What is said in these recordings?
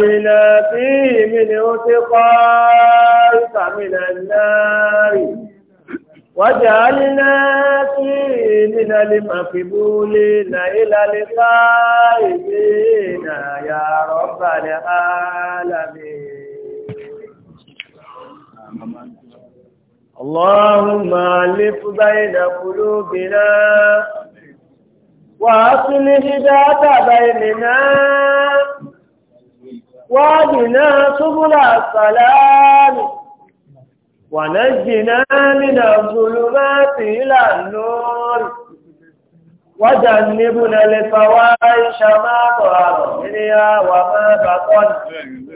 إلى فيه من وثقائك من النار وجعلنا فيه من المقبولين إلى الغائبين يا رب العالمين اللهم ألف بين قلوبنا وأصلح ذات بيننا واهدنا سبل السلام ونجنا من الظلمات إلى النور وجنبنا الفواحش ما ظهر منها وما بطن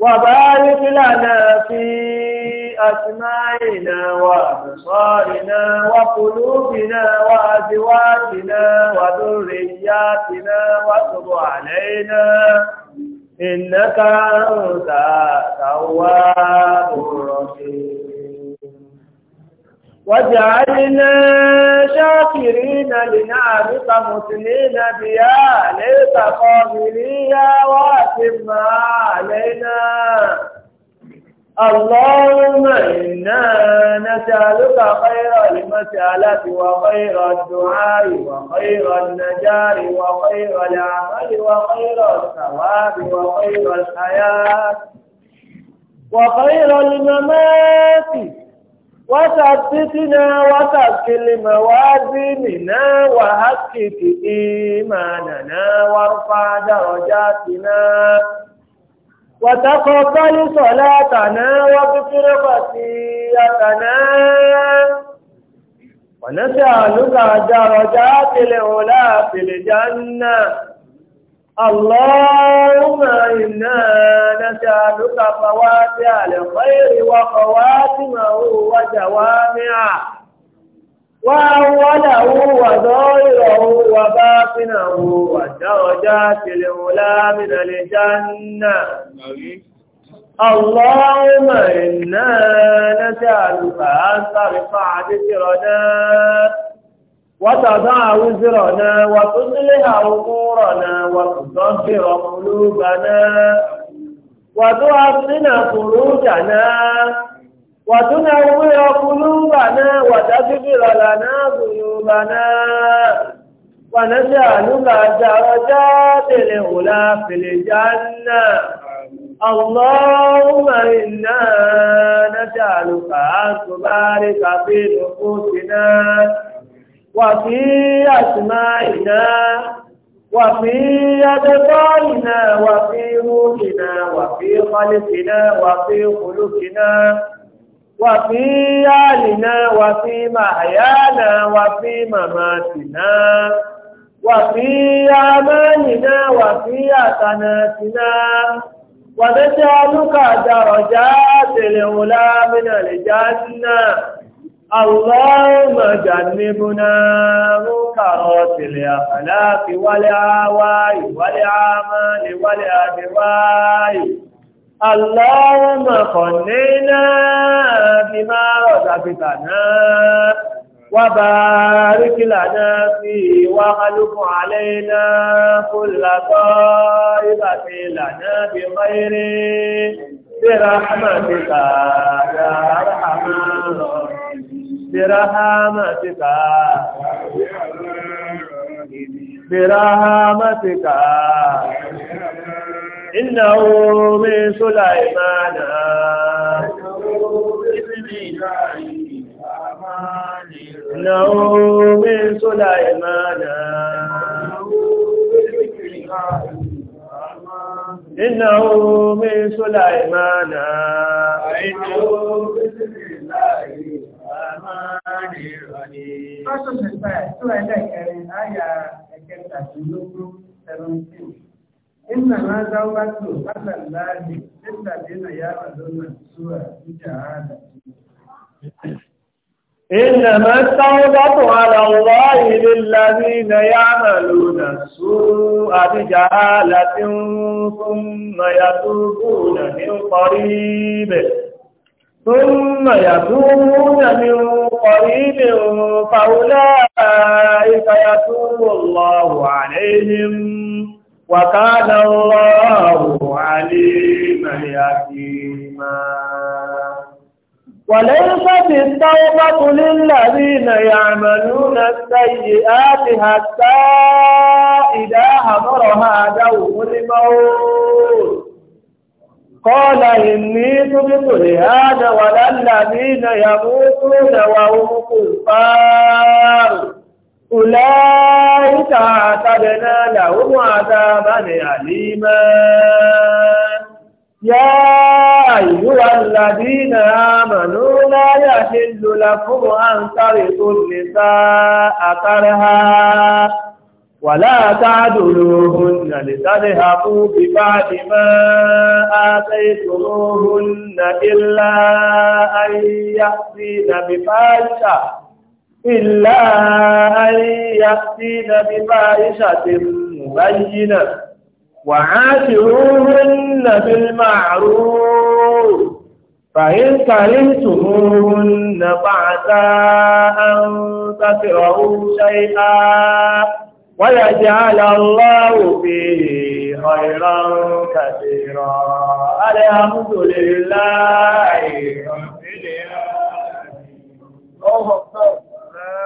وبارك لنا في أسماعنا وأبصارنا وقلوبنا وأزواجنا وذرياتنا وتب علينا ìnáka ọ̀tà tàwà bọ̀rọ̀ sí wàjà alìnà ṣáàkìrí na lìnà àríkà mùsùlùmí na bíyà lẹ́ẹ̀kàkọ́ mìírí yá wà sí máa lẹ́nà اللهم إنا نسألك خير المسألة وخير الدعاء وخير النجاة وخير العمل وخير الثواب وخير الحياة وخير الممات وثبتنا وثبت موازيننا وهكك إيماننا وارفع درجاتنا وتقبل صلاتنا واغفر خطيئتنا ونسألك درجات العلا في الجنة اللهم إنا نسألك فواتح الخير وخواتمه وجوامعه وأوله وظاهره وباطنه والدرجات الأولى من الجنة اللهم إنا نسألك أن ترفع ذكرنا وتضع وزرنا وتصلح أمورنا وتطهر قلوبنا وتحسن خروجنا وتنور قلوبنا وتغفر لنا ذنوبنا ونجعلك درجات الأولى في الجنة اللهم إنا نسألك أن تبارك في نفوسنا وفي أسمائنا وفي أبصارنا وفي روحنا وفي خلقنا وفي خلقنا وفي آلنا وفي محيانا وفي مماتنا وفي آماننا وفي أتناتنا ونجعلك درجات الأولى من الجنة اللهم جنبنا منكرات الأخلاق والأهواء والأعمال والأهواء اللهم خنينا بما رزقتنا وبارك لنا فيه وخلف علينا كل طائبة لنا بخير برحمتك يا أرحم برحمتك برحمتك إنه من سليمان إنه من سليمان إنه من سليمان إنه بسم الله الرحمن الرحيم. Fásitì Sùpẹ́, Súlẹ̀ Ẹ̀dẹ́kẹrin, Áyà Ẹ̀kẹta, Ìlú Gúrú, 17 inna ma za wa to allallahi inda dina ya madonna suwa jihada إنما التوبة على الله للذين يعملون السوء بجهالة ثم يتوبون من قريب ثم يتوبون من قريب فأولئك يتوب الله عليهم وكان الله عليما حكيما وليست التوبة للذين يعملون السيئات حتى إذا حضرها دوم الموت قال إني تبت لهذا ولا الذين يموتون وهم كفار أولئك أعتدنا لهم عذابا أليما يا أيها الذين آمنوا لا يحل لكم أن ترثوا النساء كرها ولا تعدلوهن لتذهبوا ببعض ما آتيتموهن إلا أن يأتين بفاحشة إلا أن يأتين بفاحشة مبينة وعاشروهن بالمعروف فإن كرهتموهن فعسى أن تكرهوا شيئا ويجعل الله فيه خيرا كثيرا الحمد لله رب العالمين الحمد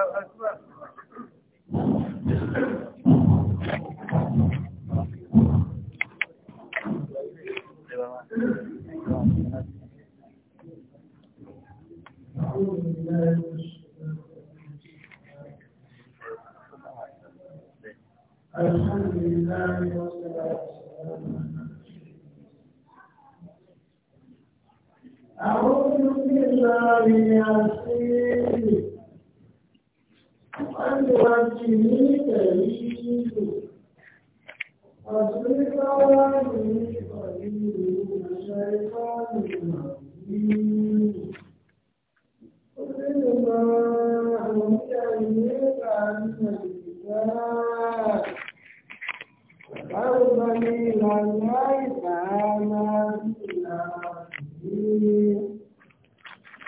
لله والصلاة والسلام أعوذ بالله العظيم وجهني كريم واصرف عني قليل شيطان مبين قل ما أمر إليك عن الكتاب وقوما إلى الله تعالى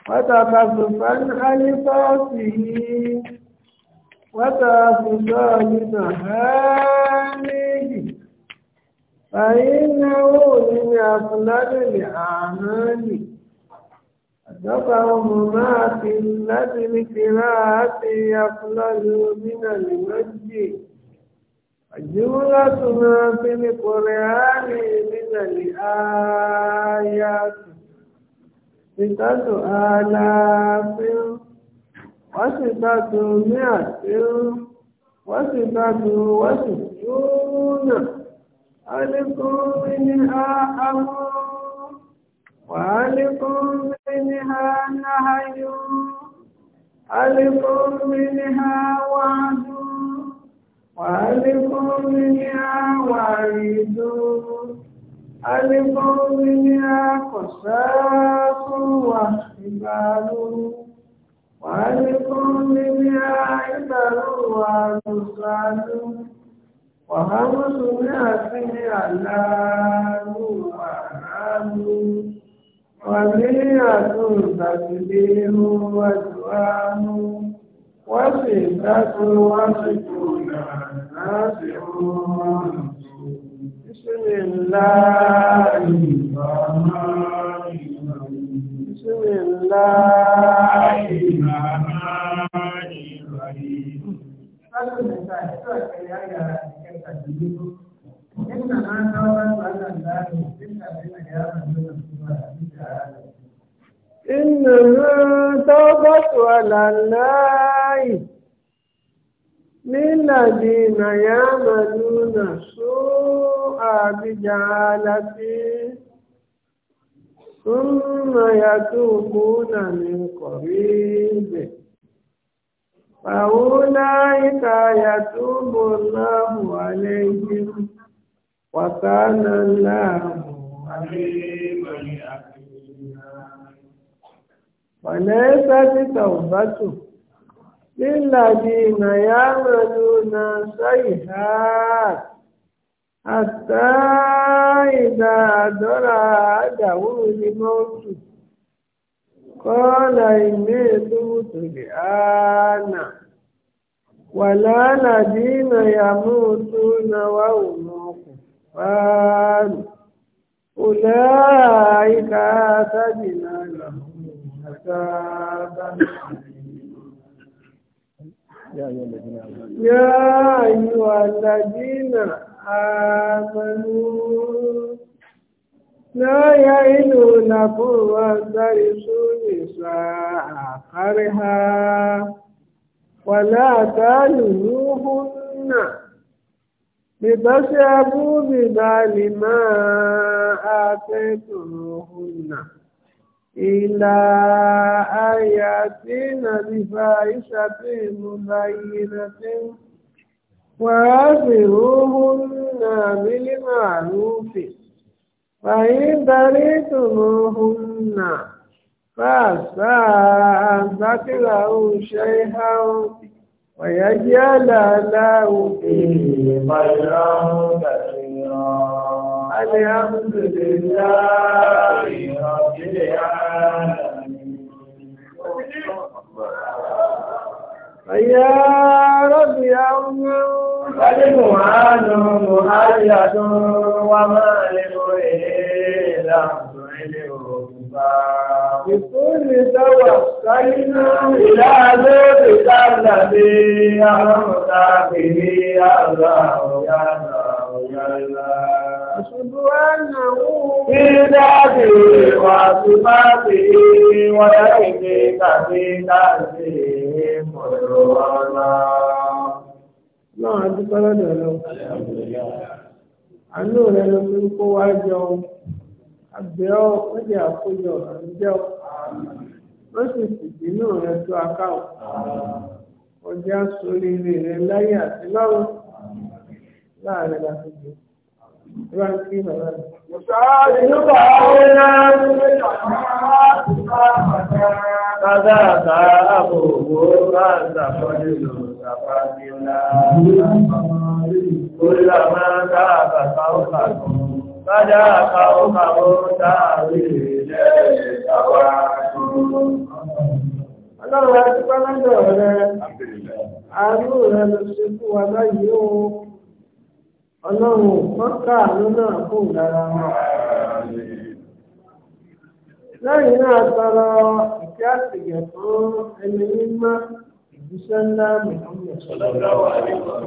وتخلفا عن خلقاته وتعف ذلك هانيه فإنه من أخلد الأعمال ذكرهم ما في الذي قراءة يخلد من المجد جملة ما في القرآن من الآيات ستة آلاف wọ́n sì gbádùn ní àdéhùn wọ́n sì gbádùn wọ́n sì túnà ọlẹ́kùnrin ní àmú wàhálẹ́kùnrin ní ànáhàyò ọlẹ́kùnrin ní àwàdù wàhálẹ́kùnrin ní àwàrìdù ọlẹ́kùnrin ní àkọ̀sáàkùn wà وعليكم بها عبر وعلوصان وهم سناسي علام وعلام ومئة تكبير ودعام وستة وستون ناسع بسم الله الرحمن بسم الله الرحمن الرحيم إنما توبة على الله للذين يعملون إنما توبة على الله للذين يعملون سوء بجهالة ثم يتوبون من قريب فأولئك يتوب الله عليهم وكان الله عليما وليست توبته للذين يعملون سيئات حتى إذا درى أحده الموت قال إني تبت الآن ولا الذين يموتون وهم كفار أولئك أعتدنا لهم عذابا يا أيها الذين آمنوا آمنوا لا يعلونكم وترثوا نساء كرها ولا تلوهن لتشربوا ببال ما آتيتموهن إلى آياتنا بفاحشة مبينة وعافروهن بالمعروف فإن بريتموهن فعسى أن تكرهوا شيئا ويجعل له فيه خيرا كثيرا الحمد لله رب العالمين يا رب يا الله فالقرآن مؤيد وما لمرئ بكل توكلنا إلى ذوقك الذي أمرت به يا الله يا الله يا الله أشهد أنه في ذاته وصفاته ويديك في تأثيره كل الله náà adúpẹ́ lọ́dọ̀ lọ. àánú rẹ ló fi ń kó wá jọ àgbẹ̀ ọ́ wọ́n jẹ́ àkójọ àǹjẹ́ ọ́ wọ́n sì sì bínú rẹ tó akáwọ̀ ọjà sóríire rẹ láyé àti lọ́rùn láàrin láti jù ìwà كلما تاب قومه بدا قومه تاويله Ọlọ́run àti Pálájọ̀ rẹ̀, àánú rẹ̀ ló ṣe fún wa láyé o. Ọlọ́run mọ́ká àánú náà fún ìdára wọn. Lẹ́yìn náà tọrọ ìkẹ́ àtìgẹ̀ fún ẹni mímọ́ òjíṣẹ́ ńlá mìíràn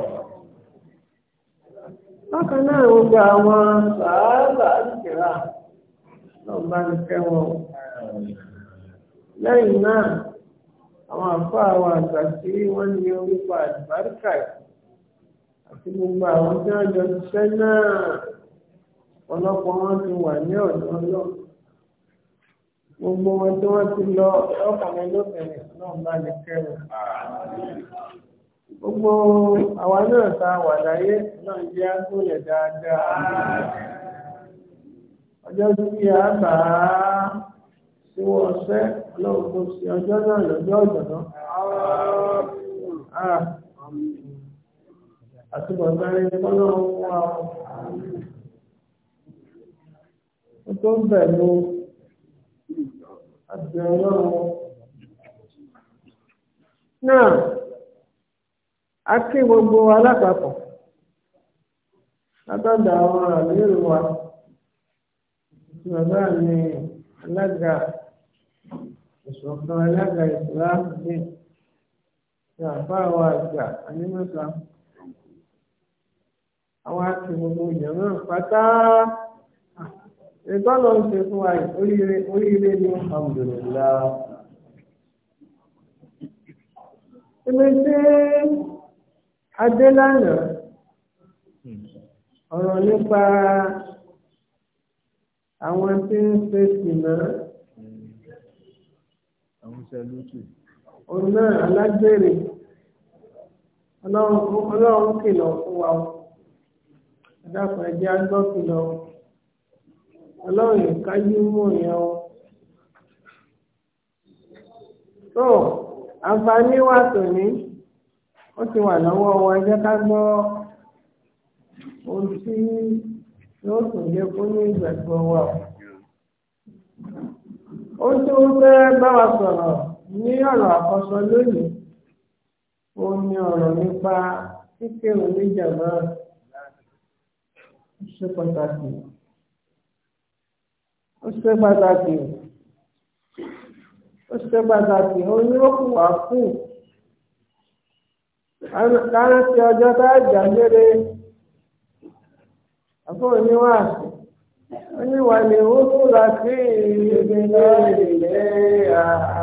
bákan náà gbogbo àwọn sàárà ìkìlá náà bá ní fẹ́ wọn lẹ́yìn náà àwọn àfọ àwọn àgbà tí wọ́n ní orúkọ àdìbáríkà àti gbogbo àwọn tí wọ́n jọ ṣiṣẹ́ náà ọ̀pọ̀lọpọ̀ wọn ti wà ní ọ̀dọ́ ọlọ́run gbogbo wọn tí wọ́n ti lọ ọkàlẹ̀ lóbìnrin náà bá lè kẹrù gbogbo àwa náà ta wà láyé náà jẹ́ àgbòlẹ̀ dáadáa ọjọ́ tí a bà á tí wọ́n ṣẹ́ lọ́wọ́ tó ṣe ọjọ́ náà lọ́jọ́ ọ̀dọ̀dọ́ ah, àtúbọ̀tán kọ́lọ́ wọn ó tó bẹ̀ lóhun àti ọlọ́run. náà a kí gbogbo alápapọ̀ látọ̀dọ̀ àwọn àmírù wa bàbá mi alága ìṣọ̀kan alága ìsìláàmù ní ìyàbá wa àgbà anímọ̀ta àwọn àti gbogbo ìyàmọ̀ pátá ìtọ́lọ̀ ń ṣe fún wa oríire oríire ni alhamdulillah. ibi tí adé lánàá ọ̀rọ̀ nípa àwọn tí ń ṣe sìnà. àwọn iṣẹ́ lókè. òun náà alágbèrè ọlọ́run kìlọ̀ fún wa. ẹ̀dá kan ẹ̀jẹ̀ á gbọ́ kìlọ̀ fún wa ọlọ́run ìkájú mọ̀ yẹn o. tó àǹfààní wa tòní ó ti wà lọ́wọ́ wa jẹ́ ká gbọ́ ohun tí yóò tún jẹ́ kó ní ìgbàgbọ́ wa ó tún fẹ́ bá wa sọ̀rọ̀ ní ọ̀rọ̀ àkọ́sọ lónìí ó ní ọ̀rọ̀ nípa kíkẹ́rù níjàmbá ṣe pàtàkì ó ṣe pàtàkì ó ṣe pàtàkì onírọ́kùn wà fún lára ti ọjọ́ tá a jà lére àfọ oníwà oníwà ni ó kúra sí ìrìnà ìrìnà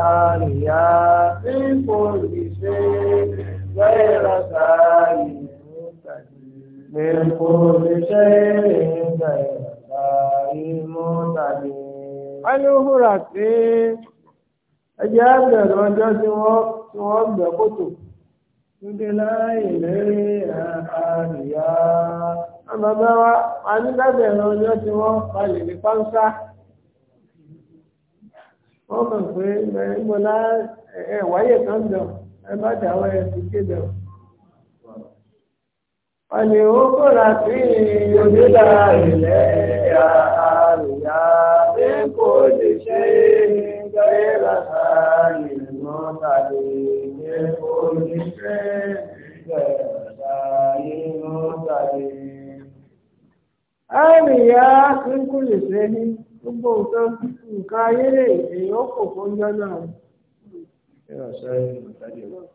àríyá tí kò lè ṣe lẹ́yìn lọ́sàá ìlú tàbí lè kò lè ṣe ìrìnà ìrìnà. wọ́n sí ẹjẹ́ bẹ̀rẹ̀ ọjọ́ tí wọ́n gbẹ́ kòtò. Níbi láì lérí àríyá. Bàbá wa, a ní lábẹ̀rẹ̀ ọjọ́ tí wọ́n ní Wọ́n mọ̀ pé kan ẹ bá dáwọ́ ẹ ti kéde. Wọ́n ní ó kọ́ra sí ìròyìn láì كل شيء غير هاي المتعلم كل شيء غير هاي المتعلم أريا من كل شيء gbogbo nǹkan nǹkan ayé lè èèyàn kò fọ́njọ́ náà.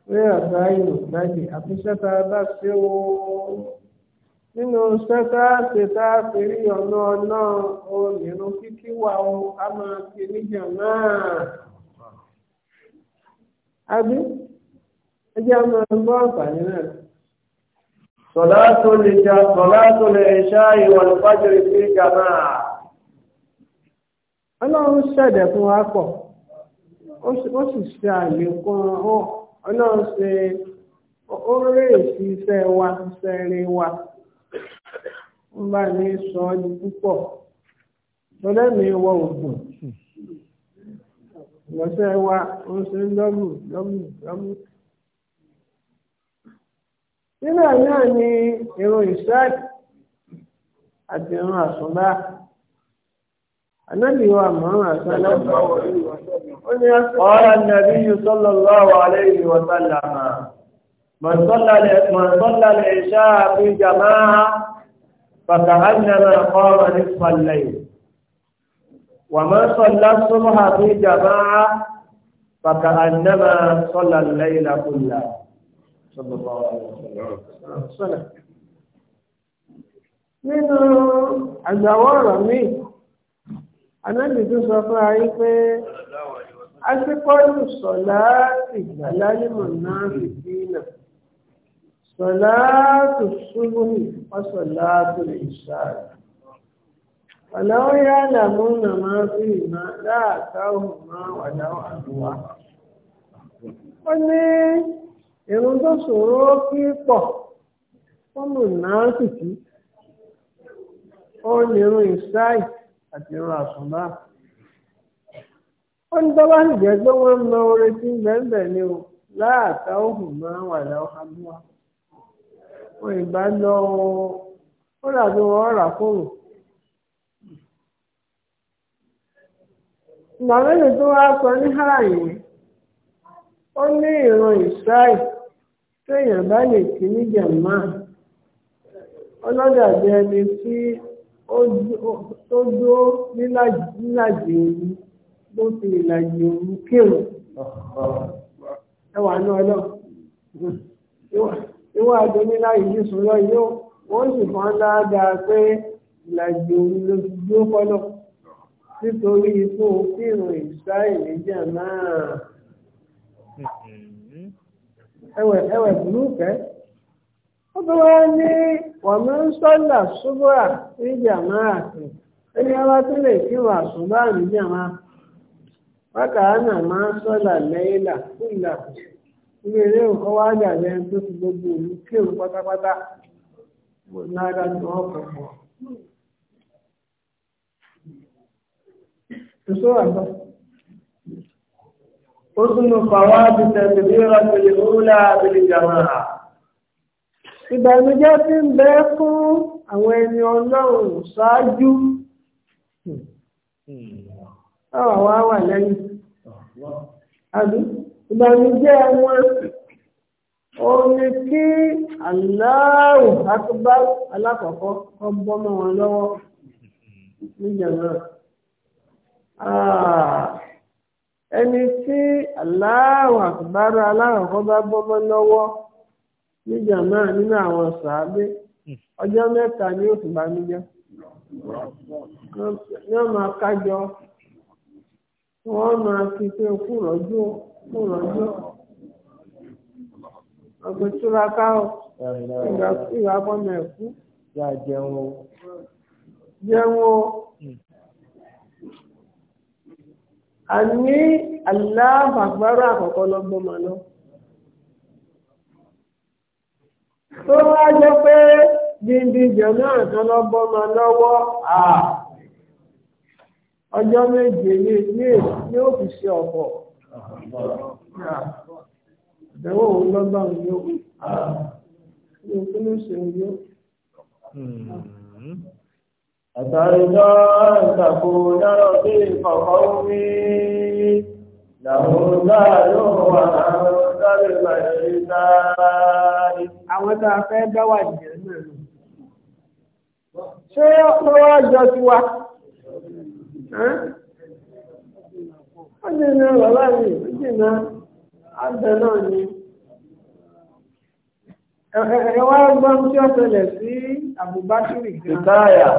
Bẹ́ẹ̀ ọ̀sán ìmọ̀ bá ṣe wo. nínú sẹ́tà sẹ́tà ọ̀nà ọ̀nà o kíkí wà ó a máa fi níjà náà. Abí ẹjẹ́ a máa gbọ́ àǹfààní náà. tó lè jà sọ̀lá tó lè ṣá ní ìfájọ́rì sí jàmá. Ọlọ́run ṣẹ̀dẹ̀ fún wa pọ̀, ó sì ṣe ó iṣẹ́ wa, iṣẹ́ ń sọ ni èrò ìsáàdì àti ìran àsùnbá anábì wa mọ̀ràn àsùnbá ó ní من صلى من صلى العشاء في جماعة فكأنما قام نصف الليل ومن صلى الصبح في جماعة فكأنما صلى الليل كله صلى الله عليه وسلم من àgbàwọ̀ من أنا اللي تصفى عيبة fún الصلاة إذا لا sọ̀lá صلاة الصبح وصلاة العشاء ولو يعلمون ما فيهما لأتوهما ولو أدوا wọ́n ní irun tó ṣòro kí pọ̀ fọ́ọ̀mù náà sì kí ó ní irun ìsáì àti irun àsùnbà ó ní tọ́lá sì jẹ́ pé ni o wọn ìbá lọ ó ọhụrụ wọn rà fóònù. ìgbà mélòó tó wá sọ ní hàrà yìí ó ní ìran ìṣáì téèyàn bá lè kí ní jàmá ẹni tí tó dúró nílàjì òru bó ti ìlàjì òru ẹwà ní lọ. ìwọ àdónílá yìí sùúrọ yóò wọn sì fọn dáadáa pé ìlàjì òun ló nítorí ikú fíìmù ìsáì níjà náà ẹwẹ ẹwẹ burúkẹ ó bí wọn ní wàmí sọlá ṣubúrà níjà náà ẹni ọba tó lè náà náà máa ilé ilé òkọ́ wá jà lẹ́ tó ti gbogbo òlu kéwù pátápátá náírà tí wọ́n kọ̀ pọ̀. Èso àgbà. Ó tún lọ fàwọn àbìtẹ̀lẹ̀ bí ó rọ̀tẹ̀lẹ̀ òwúlà àbìlẹ̀ jàmáà. Ìbànújẹ́ ti ń bẹ fún àwọn ẹni ọlọ́run ṣáájú. Hmm. ìbànújẹ́ wọn omi kí Allahu Akbar alákọ̀ọ́kọ́ kọ́ bọ́mọ wọn lọ́wọ́ níjàmbá ah, ẹni tí alákọ̀ọ́kọ́ bá bọ́mọ lọ́wọ́ nínú àwọn sàábé ọjọ́ mẹ́ta ni ó ti bànújẹ́ yóò máa kájọ wọ́n máa fi pé ìrọ̀lú ọ̀gbìn túraká o ìgbà pọ́nmọ̀ ẹ̀kú. yá jẹun o. jẹun o. Hmm. lọgbọ tó wá pé lọ́gbọ́n lọ́wọ́ ọjọ́ méje ìdánwò òun lọ́gbà òun yóò ní òkú ló ṣe òun yóò. Hmm. Àtàrídọ́ ìtàkù dárọ̀ sí ìfọ̀kọ́ wí. Làwọn láàárọ̀ wà láwọn sáré bàjẹ́ Àwọn tá a fẹ́ dáwà jẹ́ náà. Ṣé wọ́n wá jọ sí wa? Wọ́n jẹ́ iná bàbá mi, wọ́n jẹ́ àbẹ̀ náà ni ẹ wá gbọ́n tí ó tẹ̀lẹ̀ sí àbúbákìrì gan. ìtayà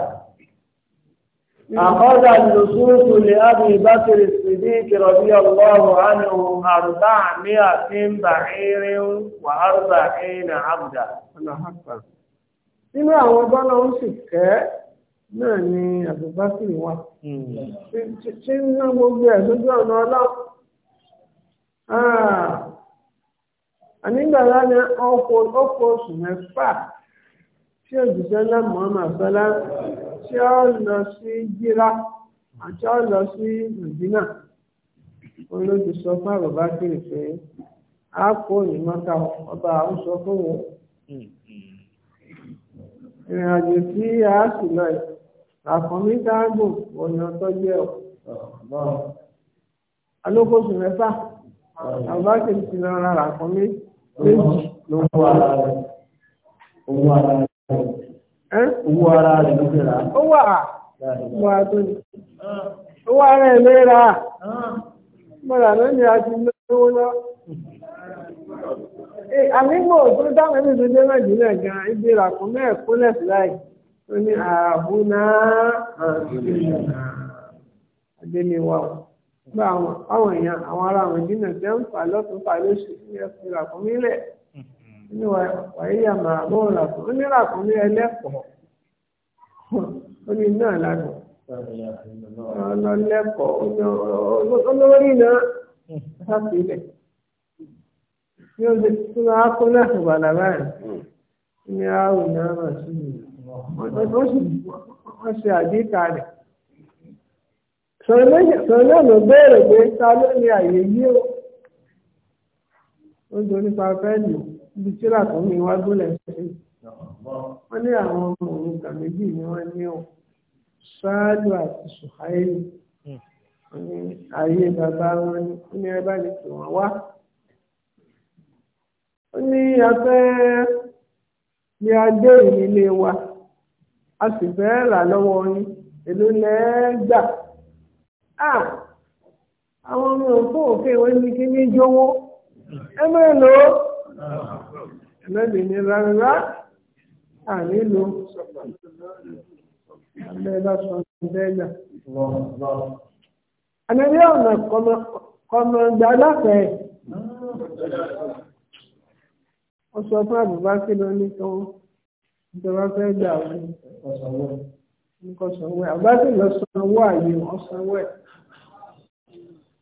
àkọ́dà lùsùrùsù lè ábí bákìrì sídí kìrọ̀bí ọlọ́run ánìhù àrùbá àmì àti ń bà irin wà àrùbá irin àbùdá. nínú àwọn bọ́lá ń sì kẹ́ náà ni àbúbákìrì wà. ṣé hmm. ń ná gbogbo ẹ̀ lójú ọ̀nà ọlọ́run ànígbàlá ni ọkọ̀ oṣù mẹ́fà tí òjìṣẹ́ lẹ́mọ̀ọ́ màsálá tí ó lọ sí jíra àti ó lọ sí nàìjíríà olóòjì sọ fún àbàbá kiri pé a kó ìmọ̀ta ọba àwọn sọ fún wọn ìrìn àjò tí a sì lọ yìí àkànmí dáàbò ọ̀nà tó jẹ́ ọ̀ alókòsù mẹ́fà àbá kìí ti lọ rárá kan mí méjì ló wọ ara rẹ owó ara rẹ owó ara rẹ ló fẹ́ ra. ó wà á wà tó ní owó ara rẹ ló mọ̀lá ló ní àti lówó lọ. àmígbò tó dáhùn ẹni tó dé nàìjíríà gan ibi ìràkùn mẹ́ẹ̀kú lẹ́sìn láì ó ní ààbò náà àdéhùn wa gba àwọn èèyàn àwọn ará àwọn ìdínà jẹ́ ń fà lọ́tún fà lóṣù mm-hmm. ní ẹkùn ràkúnmí lẹ̀ nínú wàyíyà màá bọ́ ràkúnmí ní ràkúnmí ẹlẹ́kọ̀ọ́ ó ní náà lánàá ọlọ́lẹ́kọ̀ọ́ olórí náà sáfìlẹ̀ mm-hmm. ní oṣù tí wọ́n á kó náà ṣùgbọ́n àlàbà rẹ̀ ní àwọn náà sí i wọ́n ṣe àdíkà rẹ̀ sọ̀rọ̀ náà ló béèrè pé ta ló ní àyè yí o ó jọ nípa fẹ́ẹ̀lì ibi tíra tó ní iwájú lẹ́sẹ̀ wọ́n ní àwọn ọmọ òun kà méjì ni wọ́n ní o ṣáájú àti ṣùháìlì ní ayé bàbá wọn ní ẹbá lè pè wọ́n wá ó ní afẹ́ ni a dé ìnílé wa a sì fẹ́ rà lọ́wọ́ yín èló lẹ́ẹ́ gbà. Ah, àwọn ọmọ òfò òfè wọn ní kí ní jówó ẹ máa lò ó ẹlẹ́dìí ní rárá àní lò abẹ́ bá sọ bẹ́ẹ̀ náà. ànábí ọ̀nà kọmọgbà láfẹ̀ẹ́ ó sọ fún àbúbá kí ló ní tó ìjọba fẹ́ gbà wọ́n ní kọ̀sánwó àbúbá kí lọ sanwó àyè ọ̀sánwó ẹ̀.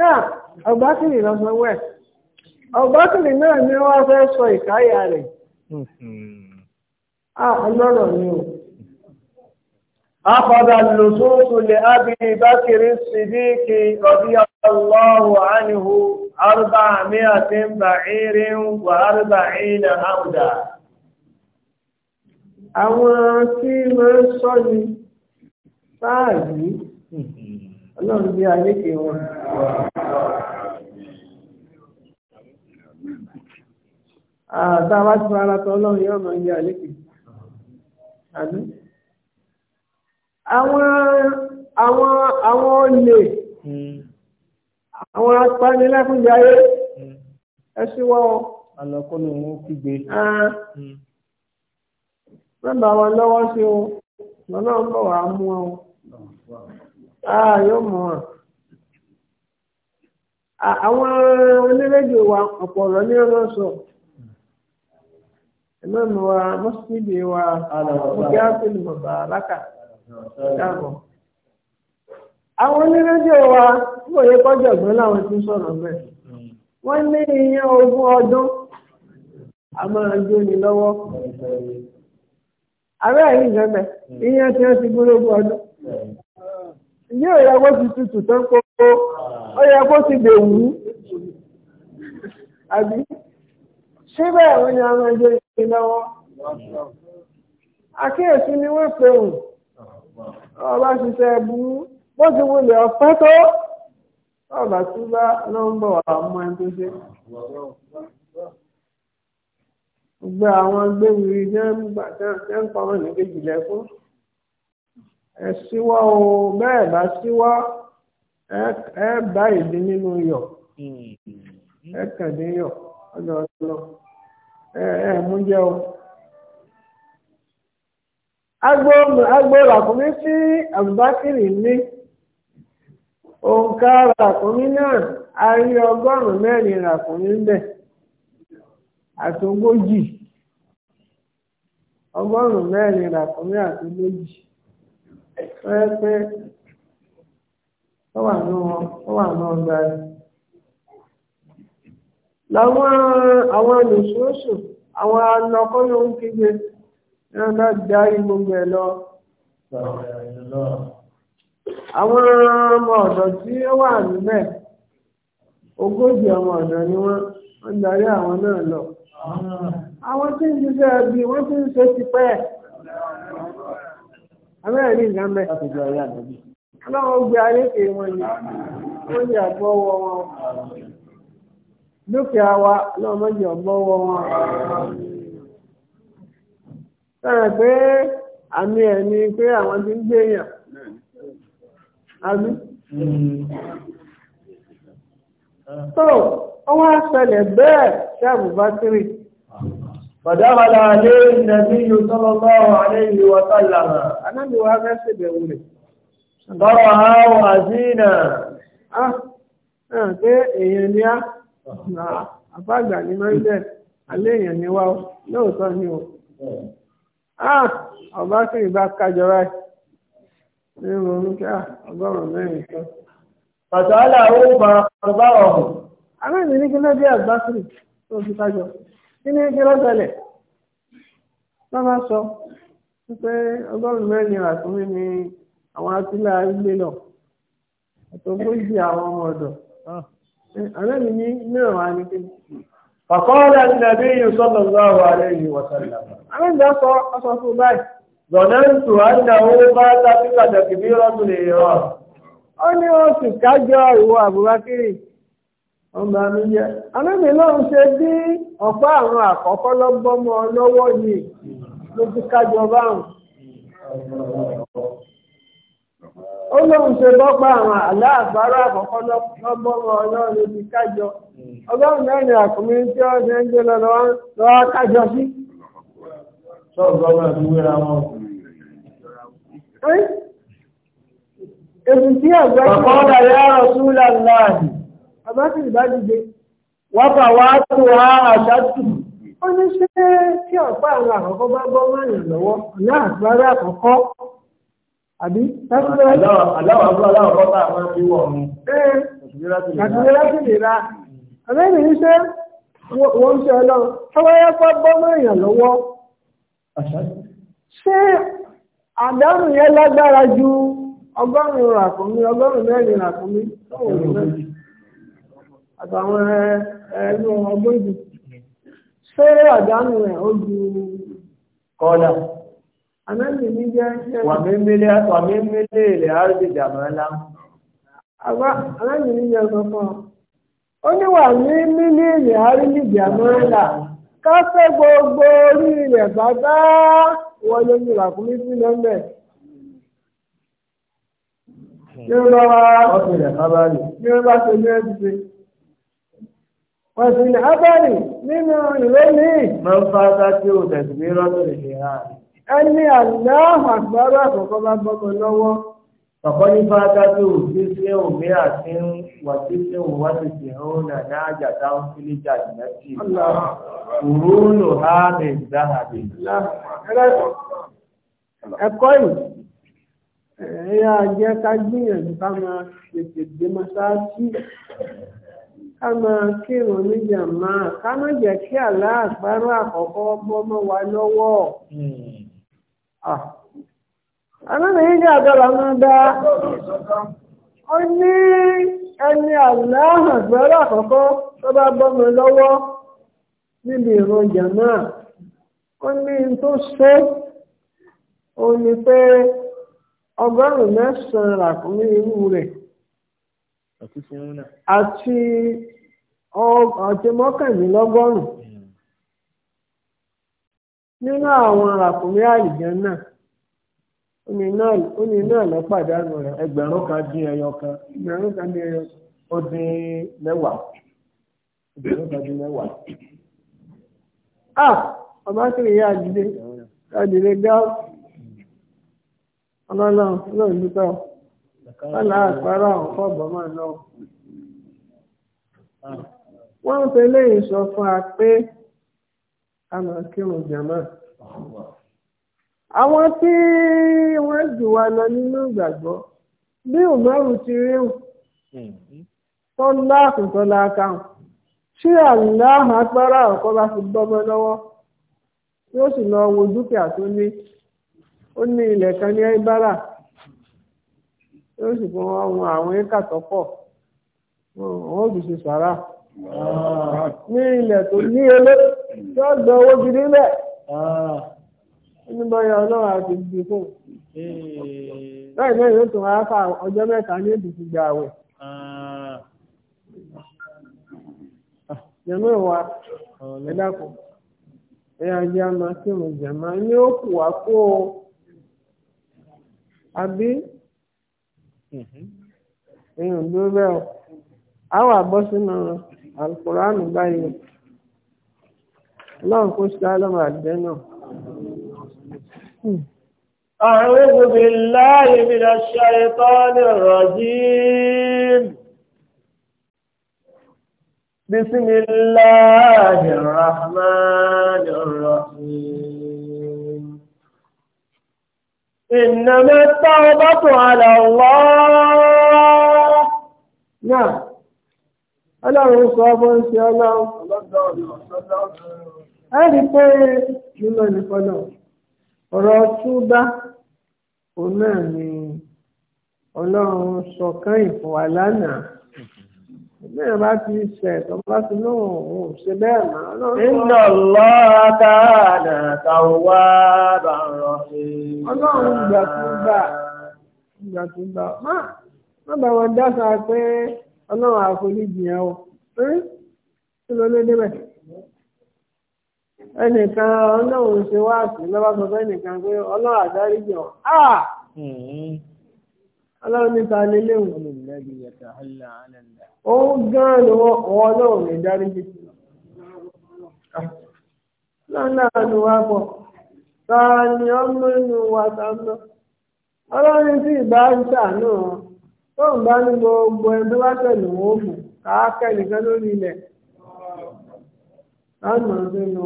náà ọ̀gbákìrì lọ́sọ̀wọ́ ẹ̀ ọ̀gbákìrì náà ni wọ́n fẹ́ sọ ìkáyà rẹ̀ hmm. ah, ọlọ́rọ̀ ni o. Akọ̀dà lòsóòsù lè ábí bákìrì sídíkì rọ̀bí Allahu anhu arba mi'atin ba'irin wa arba'ina hamda. Àwọn tí máa ń sáàrí ọlọ́run bí ayé kè wọn. Àtà wá ti fara tọ ọlọ́run yóò máa yẹ ayé kè. Àwọn àwọn àwọn olè àwọn apanilẹ́kùnjẹ ayé ẹ síwọ́ ọ. Àlọ́kọ́ni òun kígbe. Mẹ́bàá wọn lọ́wọ́ sí o, lọ́nà ń bọ̀ wá mú ọ. Ah, yóò mú wọn. Àwọn onírẹ́díò wa ọ̀pọ̀ ọ̀rọ̀ ní ọ̀rọ̀ sọ. Ìmọ̀mù wa, wa, ọ̀gá àpèlú bàbá Aláka, Àwọn wa, wọ́n yẹ kọ́jọ́ ọ̀gbọ́n láwọn tí ń sọ̀rọ̀ bẹ́ẹ̀. Wọ́n ní ìyẹn ogún ọdún, a máa ń jóni lọ́wọ́. Ǹjẹ́ ó yẹ kó ti tutù tán kókó? Ó yẹ kó ti dè wú. Àbí? Síbẹ̀ òun ni àwọn ẹgbẹ́ ìṣe lọ́wọ́. Àkíyèsí ni wọ́n pè òun. Ọba ṣiṣẹ́ burú. Bó ti wulẹ̀ ọ̀pẹ́ tó. Ọba tí bá ló ń bọ̀ wá ẹni tó ṣe. Gbogbo àwọn gbẹ̀wìrì jẹ́ ń pa wọn ní kejì lẹ́kún. ẹ síwọ́ o bẹ́ẹ̀ bá síwọ́ ẹ bá ìdí nínú yọ hmm. ẹ kàdé yọ̀ ọ̀dọ̀ ẹ ẹ mú jẹ́ o. agbo ràkúnmí sí Abubakar ní òǹkà ràkúnmí náà a rí ọgọ́rùn-ún mẹ́rin ọgọ́rùn-ún ẹ pé ó wà nù ó wà nù ọgbà làwọn àwọn olùṣòṣò àwọn anakọ́nà ń kígbe bá darí gbogbo lọ. àwọn ọmọ ọ̀dọ̀ tí ó wà níbẹ̀ ogójì ọmọ ọ̀dọ̀ ni wọ́n darí lọ. àwọn tí ń ṣiṣẹ́ wọ́n ti ń ṣe abẹ́rẹ́ ní ìgbà mẹ́. ọlọ́run gbé alékè wọn ni wọ́n yẹ wọn. dúkìá wa ọlọ́run mọ̀ yẹ wọn. sọ̀rọ̀ pé àmì ẹ̀ ni pé àwọn ti ń gbé yàn. àmì. tó wọ́n فدخل عليه النبي صلى الله عليه وسلم أنا اللي وهذا سيدي أولي ضرها وأزينا أه أه تي إيانيا àbágbà ní máa ń bẹ̀ alẹ́ èèyàn ni wá ó lóòótọ́ ni ó ọba sì bá kájọ ní ronú kí ọgọ́rùn-ún mẹ́rin tán. pàtàkì àwọn ọba ọba ọ̀hún. aláìní ní kí ló dé àgbáfìrì tó fi kájọ. kí ni kí ló ṣẹlẹ̀ wọ́n máa sọ pé ọgọ́rùn-ún mẹ́rin àtúnmí ni àwọn lọ àtọ́gbójì àwọn ọmọ ọ̀dọ̀ àlẹ́ ah. ní mìíràn wá ní kí ni. Fàkọ́ọ́lá nàbí yìí sọ́dọ̀ lọ́wọ́ ààrẹ yìí wọ̀sánlá. Àwọn ìgbà sọ fún báyìí. bá lè rọ̀. Ó ní kájọ ìwọ àbúrákìrì. wọ́n bá mi jẹ́ anábì lọ́run ṣe bí ọ̀pá àrùn àkọ́kọ́ lọ́gbọ́mọ lọ́wọ́ yìí ló ti kájọ báwọn. ó lóun ṣe bọ́pá àwọn aláàbárò àkọ́kọ́ lọ́gbọ́mọ ọlọ́run ló ti kájọ ọgọ́rùn mẹ́rin àkùnrin tí ó ṣe ń gbé lọ lọ́wọ́ kájọ sí. sọ́ọ̀gbọ́n máa fi wéra wọn. èsì tí ọ̀gbọ́n. ọ̀pọ̀ ọ̀dà yà rọ̀ súlà bàbá sì bá dìde wọ́n fà wá tó wá àṣà tù ó ní ṣé tí ọ̀pá àwọn àkọ́kọ́ bá gbọ́ mọ́rin lọ́wọ́ ọ̀nà àtúwárẹ́ àkọ́kọ́ àbí tásílẹ̀ aláwọ̀ àbúrò aláwọ̀ bọ́tà máa ń fi wọ̀ ọ̀run àtúwárẹ́ láti lè ra àbẹ́ni iṣẹ́ wọ́n ń ṣe ọlọ́run tọ́wọ́yẹ́ fọ́ gbọ́ mọ́rin lọ́wọ́ ṣé àdánù yẹn lágbára ju ọgọ́rùn-ún ràkúnmí ọgọ́rùn-ún mẹ́rin ràkúnmí tó wọ́n lè mẹ́rin. àtàwọn ẹnu ọgbọ́n ìbò ṣé àdánù rẹ̀ ó ju kọ́dà àmẹ́bí ní jẹ́ wàmímílẹ̀ ilẹ̀ àrùbí jàmọ́lá àmẹ́bí ní jẹ́ kankan ó ní wàmímílẹ̀ ilẹ̀ àrùbí jàmọ́lá káfẹ́ gbogbo orí ilẹ̀ bàbá wọ́n ló ní ràkúnmí sí lọ́mbẹ̀ ní ní Wọ̀sìn Abẹ́rì nínú ìlú ní. Máa ń fa ká tí o tẹ̀sí ní rọ́tìrì ní àárín. Ẹni àdáhùn àgbára àkọ́kọ́ bá gbọ́kọ lọ́wọ́. Ọ̀pọ̀ ní fáta tí o ti ṣe òmí àti ń wà tí ṣe òun wá ti ṣe òun nà ní àjàdá ń fi níjà ìrẹsì. Òrónù á lè dáhàbì. Ẹ̀kọ́ yìí, ẹ̀yà jẹ́ ká gbìyànjú ká máa tètè dé mọ́ṣáájú. ká máa kírun níjà máa ká má jẹ́ kí àlá àgbárò àkọ́kọ́ bọ́ wa lọ́wọ́. Hmm. Ah. àmọ́nà yìí àdọ́là máa dá ó ní ẹni àlá àgbárò àkọ́kọ́ tó bá lọ́wọ́ níbi ìran jàmá ó ní tó ṣe ó ní pé ọgọ́rùn àti àti mọ́kànlélọ́gọ́rùn-ún nínú àwọn àkùnrin àlìjẹ náà ó náà lọ pàdánù rẹ̀ ẹgbẹ̀rún kan dín ẹyọ kan ẹgbẹ̀rún kan dín ẹyọ ó dín mẹ́wàá ẹgbẹ̀rún kan dín ah ọba tí ìyá àdìdé Fọ́lá àpárá ọ̀pọ̀ bọ́mọ̀ lọ. Wọ́n ń pelé ìsọ fún wa pé a máa kírun jàmá. Àwọn tí wọ́n jù wá lọ nínú ìgbàgbọ́, bí òmọ́rù ti ríhùn, tọ́lá àkùntọ́lá káhùn. Ṣé àláhà àpárá ọ̀pọ̀ bá fi bọ́mọ lọ́wọ́? Yóò sì lọ wo dúkìá tó ní. Ó ní ilẹ̀ kan ní Ẹ́bárà. yóò sì fi wọn àwọn éka tó wọn ò dùsù sàrà ní ilẹ̀ tó ní elé tí wọ́n gbẹ owó gidi lẹ̀ nígbà yẹn ọlọ́run àti ibi fún bẹ́ẹ̀ náà yóò tún ọjọ́ mẹ́ta ní àwẹ̀. jẹ̀mọ́ ìwà ẹ̀yà jẹ́ àmà kí mo jẹ̀mọ́ ní èèyàn dúró bẹ́ẹ̀ o a wà bọ́ sínú alukóránù báyìí ọlọ́run kó ṣe alọ́mọ àdé náà. أعوذ بالله من الشيطان الرجيم بسم الله الرحمن الرحيم إنما التوبة على الله نعم Ọlọ́run sọ ọmọ ń ṣe ọlọ́run. A rí pé jùlọ nìkan náà, ọ̀rọ̀ túbá, òun náà ni Ọlọ́run sọ kán ìfọ̀wà lánàá bẹ́ẹ̀ bá ti ṣẹ̀ tó bá ti lóun òun ṣe bẹ́ẹ̀ mọ́. iná lọ káàdà káwá bá rọ ọlọ́run gbàtúgbà gbàtúgbà má bá wọn dáṣà pé ọlọ́run àforíjì yẹn o kí ló lé débẹ̀. ọ̀ ọlọ́run òun gan ni wọ́n ọlọ́run lè dáríjì láàánú wa pọ̀ táà ni ọmọ inú wa sáńtọ́ ọlọ́run tí ìbá ń ṣàánú wọn tóun bá ní gbogbo tẹ̀lé wọn káàkẹ́ nìkan lórí ilẹ̀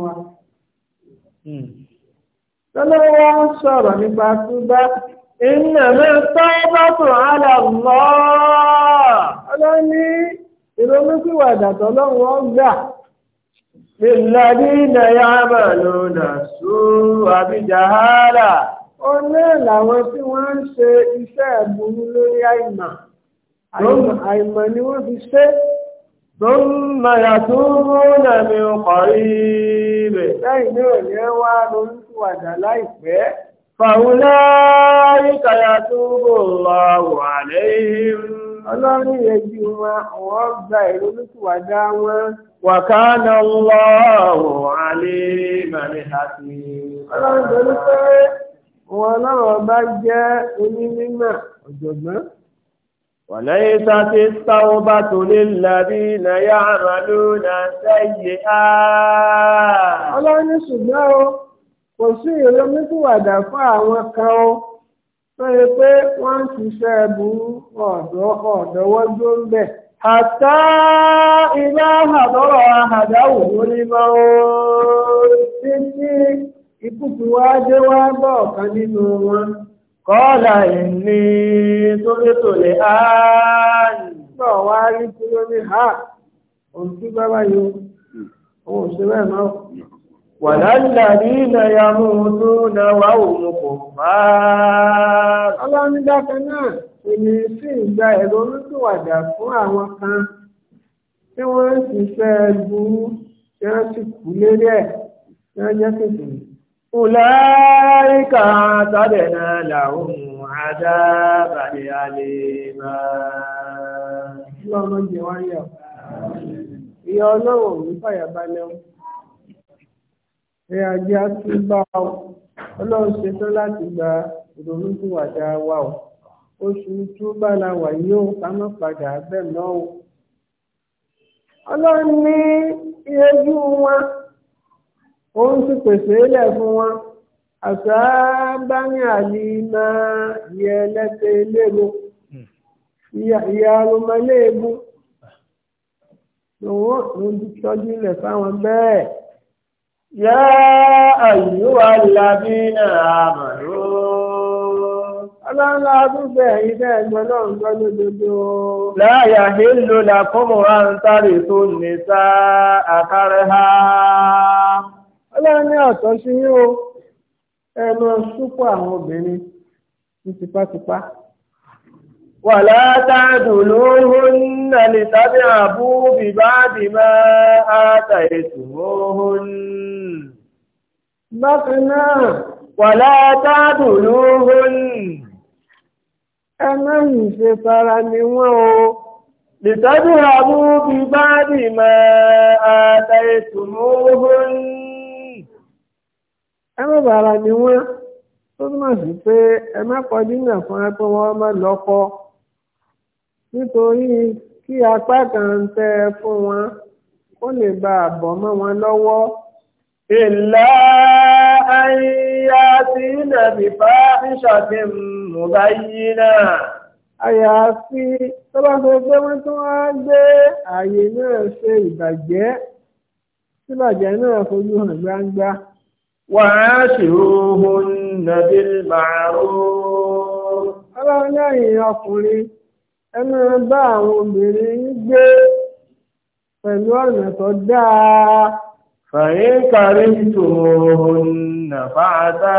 wa. Hmm. ìnàmí tọ́bọ̀tù alàmọ́ ọlọ́ní ìrọmíkúwàdà tọ́lọ́wọ́ gbà ìlàdí ìdàyà àmàlò nàṣó àbíjàhálà ó ní làwọn tí wọ́n ń ṣe iṣẹ́ ẹ̀bùrú lórí àìmọ̀ àìmọ̀ ni wọ́n fi ṣe ثم يتوبون من قريب lẹ́yìn náà ni wọ́n wá ronúkúwàdà láìpẹ́ فأولئك يتوب الله عليهم ọlọ́run ìrẹ́jú wọn àwọn ọgbà ìrònúkúwàdá wọn wàkánà lọ́wọ́ alẹ́màlẹ́ àti ọlọ́run pẹ̀lú pé wọn lọ́rọ̀ bá jẹ́ onímọ̀ ọ̀jọ̀gbọ́n wàlẹ́yìn sáté sáwọ́ bá tó lè lábí nàyà àmàlú nà sẹ́yìn áà ṣùgbọ́n kò sí ìrònúpìwàdà fún àwọn kan ó tó yẹ pé wọ́n ń ṣiṣẹ́ burú ọ̀dọ́ ọ̀dọ́wọ́ tó ń bẹ̀. àtà ilé àhàdọ́rọ̀ àhàdáwò lórí máa ń títí ikú tí wá dé wá bọ̀ ọ̀kan nínú wọn. kọ́ọ̀là ìní tólétòlé áàyè bọ̀ wá rí kúrò ní ha òun tí òun ò ṣe bẹ́ẹ̀ náà. Wàlálàrílẹ̀ ya mú lónà wà òun kò máa. Ọlọ́nìdáka náà, èmi sì ń gba ẹ̀rọ olóṣùwàdà fún àwọn kan tí wọ́n ń ṣiṣẹ́ ẹgbú tí wọ́n sì kú lérí ẹ̀ tí wọ́n jẹ́ kìkì. Fùláríkà sábẹ̀ náà làwọn àdábàdé alẹ́ máa. Ìyá ọlọ́run ń fàyàbalẹ̀ wọn. pé ajé á tún bá ọ ọlọ́run ṣetán láti gba ìrònúkúwàdà wa o oṣù tí ó bá la wà yìí ká má o. ọlọ́run ní iyejú wọn òun pèsè ilẹ̀ fún wọn àṣà ní àlè máa yẹ lẹ́tẹ̀ lébo ìyá fáwọn bẹ́ẹ̀. يا أيها الذين آمنوا ألا لا يحل لكم أن ترثوا النساء كرها Ọlọ́run ní ọ̀tọ̀ sí yín o, ẹ àwọn obìnrin ولا تعدلوهن لتذهبوا ببعد ما آتيتموهن مثنى ولا تعدلوهن أما انفطر منه لتذهبوا ببعد ما آتيتموهن أما بارا ni wọ́n tó túmọ̀ sí pé ẹ má kọjú náà fún ẹ pé wọ́n má lọ́kọ́ nítorí kí apá kan tẹ ẹ fún wọn kó lè bá a bọ̀ mọ́ wọn lọ́wọ́. ìlà ayé àti ilẹ̀ bìbá ìṣàtì mùbá yìí náà. àyàfi tó bá fẹ́ pé wọ́n tún wá gbé ààyè náà ṣe ìbàjẹ́ síbàjẹ́ náà fojú hàn gbangba. wà á ṣèrò ohun nàbí màrún. ọlọ́run lẹ́yìn ọkùnrin. ẹ máa bá àwọn obìnrin gbé pẹ̀lú ọ̀nà tó dáa. fàyín tòun nàfà àtà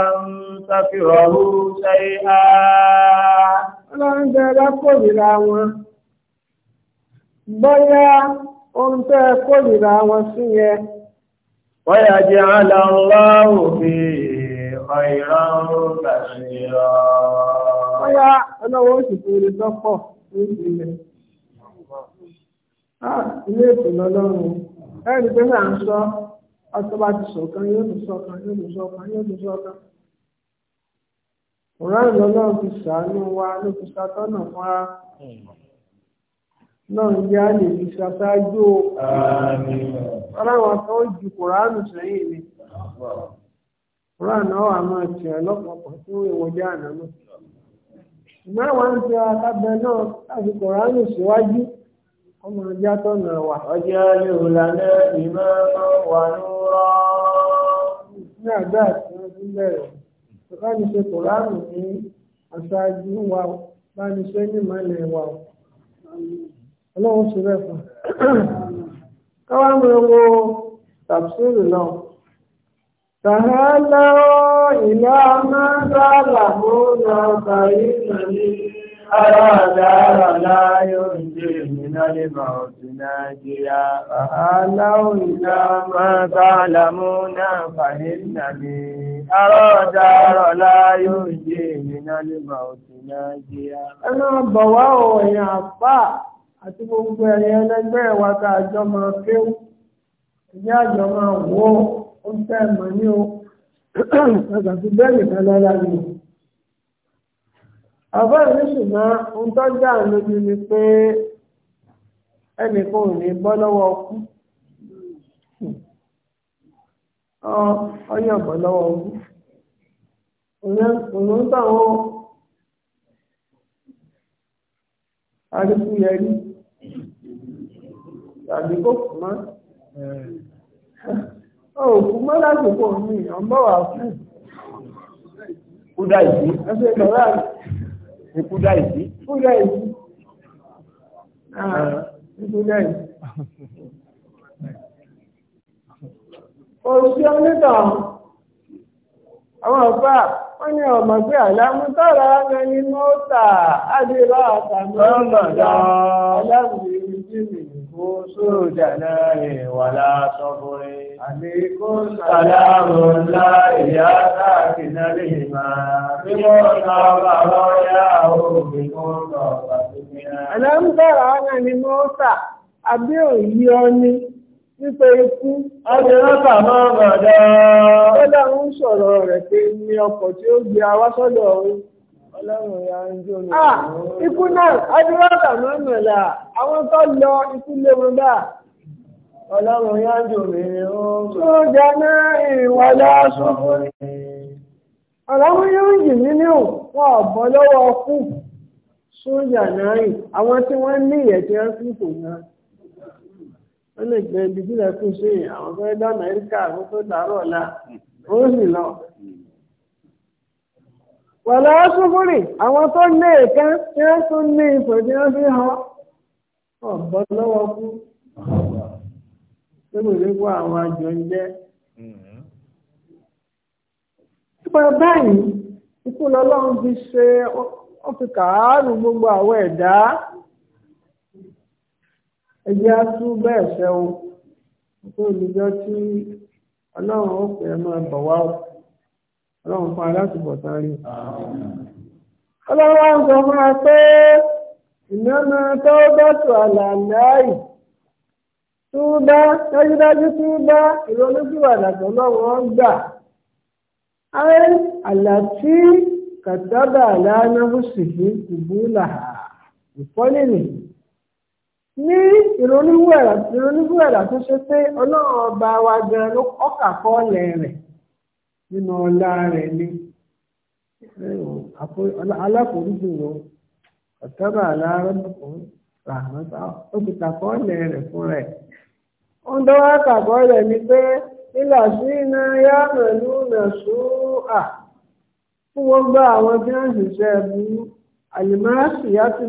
àǹtàfihàn ọ̀hún ṣẹ́yí á. ọlọ́run bẹ́ẹ̀ bá wọn ohun tẹ́ ẹ kórìíra wọn sí yẹn. wọ́n jẹ́ ọ̀yá ọlọ́wọ́ òṣìṣẹ́ orí tọ́pọ̀ lóṣù ilẹ̀. ilé ètò lọ́lọ́run ẹni pé máa ń sọ ọtọ́ bá ti sọ̀kan yóò tún sọ̀kan yóò tún sọ̀kan yóò tún sọ̀kan. lọ́lọ́run ti sàánú wa ló fi ṣàtọ́nà fún wa náà fi ọlọ́run kan ó ju kòránù sẹ́yìn ni kòránù náà wà máa ṣùgbọ́n àwọn ń tẹ akábẹ náà láti kọ̀ránù síwájú ọmọ ajá tọ̀nà wà. ọjọ́ yóò lànà ìmọ̀ wà lórọ́. ní àgbà tí wọ́n ti bẹ̀rẹ̀ kọ̀ránù ṣe kọ̀ránù ní aṣáájú wa bá ní ṣe ní ìmọ̀lẹ̀ wa ọlọ́run ṣe bẹ́ẹ̀ fún káwá mi wo tàbí sóòrè náà tàhálà ọ́ ìlà máa dára mú náà bàyí nàní. Ara dára láyò ìdè ìrìnà lè bà ọ̀tí Nàìjíríà. Àhálà ìlà máa dára mú náà bàyí bọ̀ wá òòyìn àpá àti gbogbo ẹ̀yẹ ẹlẹgbẹ́ wa tá a jọ máa kéwú. Ìyá àjọ máa wọ́ ó tẹ́ mọ̀ ní o àgbàtí bẹ́ẹ̀lì kan lára ni àbá ìlú ṣùgbọ́n ohun tó já lójú ni pé ẹnìkan ò ní bọ́ lọ́wọ́ ọkú ọyàn bọ́ lọ́wọ́ ọkú òun ń tàwọn arúgbó yẹrí tàbí kò kù mọ́. òkú mọ́lákòókò mi ọmọ wà fún kúdà ìdí ẹgbẹ́ ìlọ́rà ní kúdà ìdí kúdà ìdí ah, ní ìdí. òṣìṣẹ́ onítàn àwọn ọ̀pá wọ́n ní ọmọ pé ẹni بوسو جناه ولا صبر عليكم سلام الله يا ساكن الإيمان àbí òyí ọní nípa ikú. Adéláta máa ń bàdá. Ó dáhùn sọ̀rọ̀ rẹ̀ pé ní ọkọ̀ tí ó gbé Ah, ikú náà, Adúrátà máa ń mẹ̀lá, àwọn tó lọ ikú lé wọn bá. Ọlọ́run yá jù mí ó. Sójà náà ìwà lásán fún mi. Ọ̀làwọn yóò jì mí ní òun, wọn ò bọ́ lọ́wọ́ kú. Sójà náà ì, àwọn tí wọ́n ní ìyẹ̀tì ẹ́sìn kò náà. Wọ́n lè gbẹ ibi tí lẹ́kùn àwọn fẹ́ dá Amẹ́ríkà, àwọn fẹ́ dárò ọ̀la, ó sì lọ wọ̀lá ṣúfúrì àwọn tó ní èkán tí wọ́n tún ní ipò tí wọ́n fi hàn ọ̀bọ lọ́wọ́ kú lóbìnrin àwọn àjọ ń jẹ́. nípa báyìí ikú lọ́lọ́run fi ṣe ó fi kàárù gbogbo àwọn ẹ̀dá ẹjẹ́ á bẹ́ẹ̀ ṣẹ́ o tó tí ọlọ́run ó pè é máa bọ̀ wá o ọlọ́run fún alásùbọ̀ tán rí. ọlọ́run wá ń sọ fún wa pé ìnáná tó bá tù àlàláì túbá dájúdájú túbá ìrònúkúwàdà tó lọ́wọ́ gbà. ayé àlàtí kàtàbà aláàánúhùsì ní ìbúlà ìfọ́nìní ní ìrònúkúwàdà tó ṣe pé ọlọ́run ọba wa gan ló ọkà kọ́ ọ̀lẹ̀ rẹ̀. nínú ọlá rẹ̀ ni aláforíjì ló ọ̀tọ́bà aláàárọ̀ fún ràhánà ó rẹ̀ fún rẹ̀. ó ń dọ́wọ́ ni pé sí iná yá pẹ̀lú fún gbogbo àwọn tí wọ́n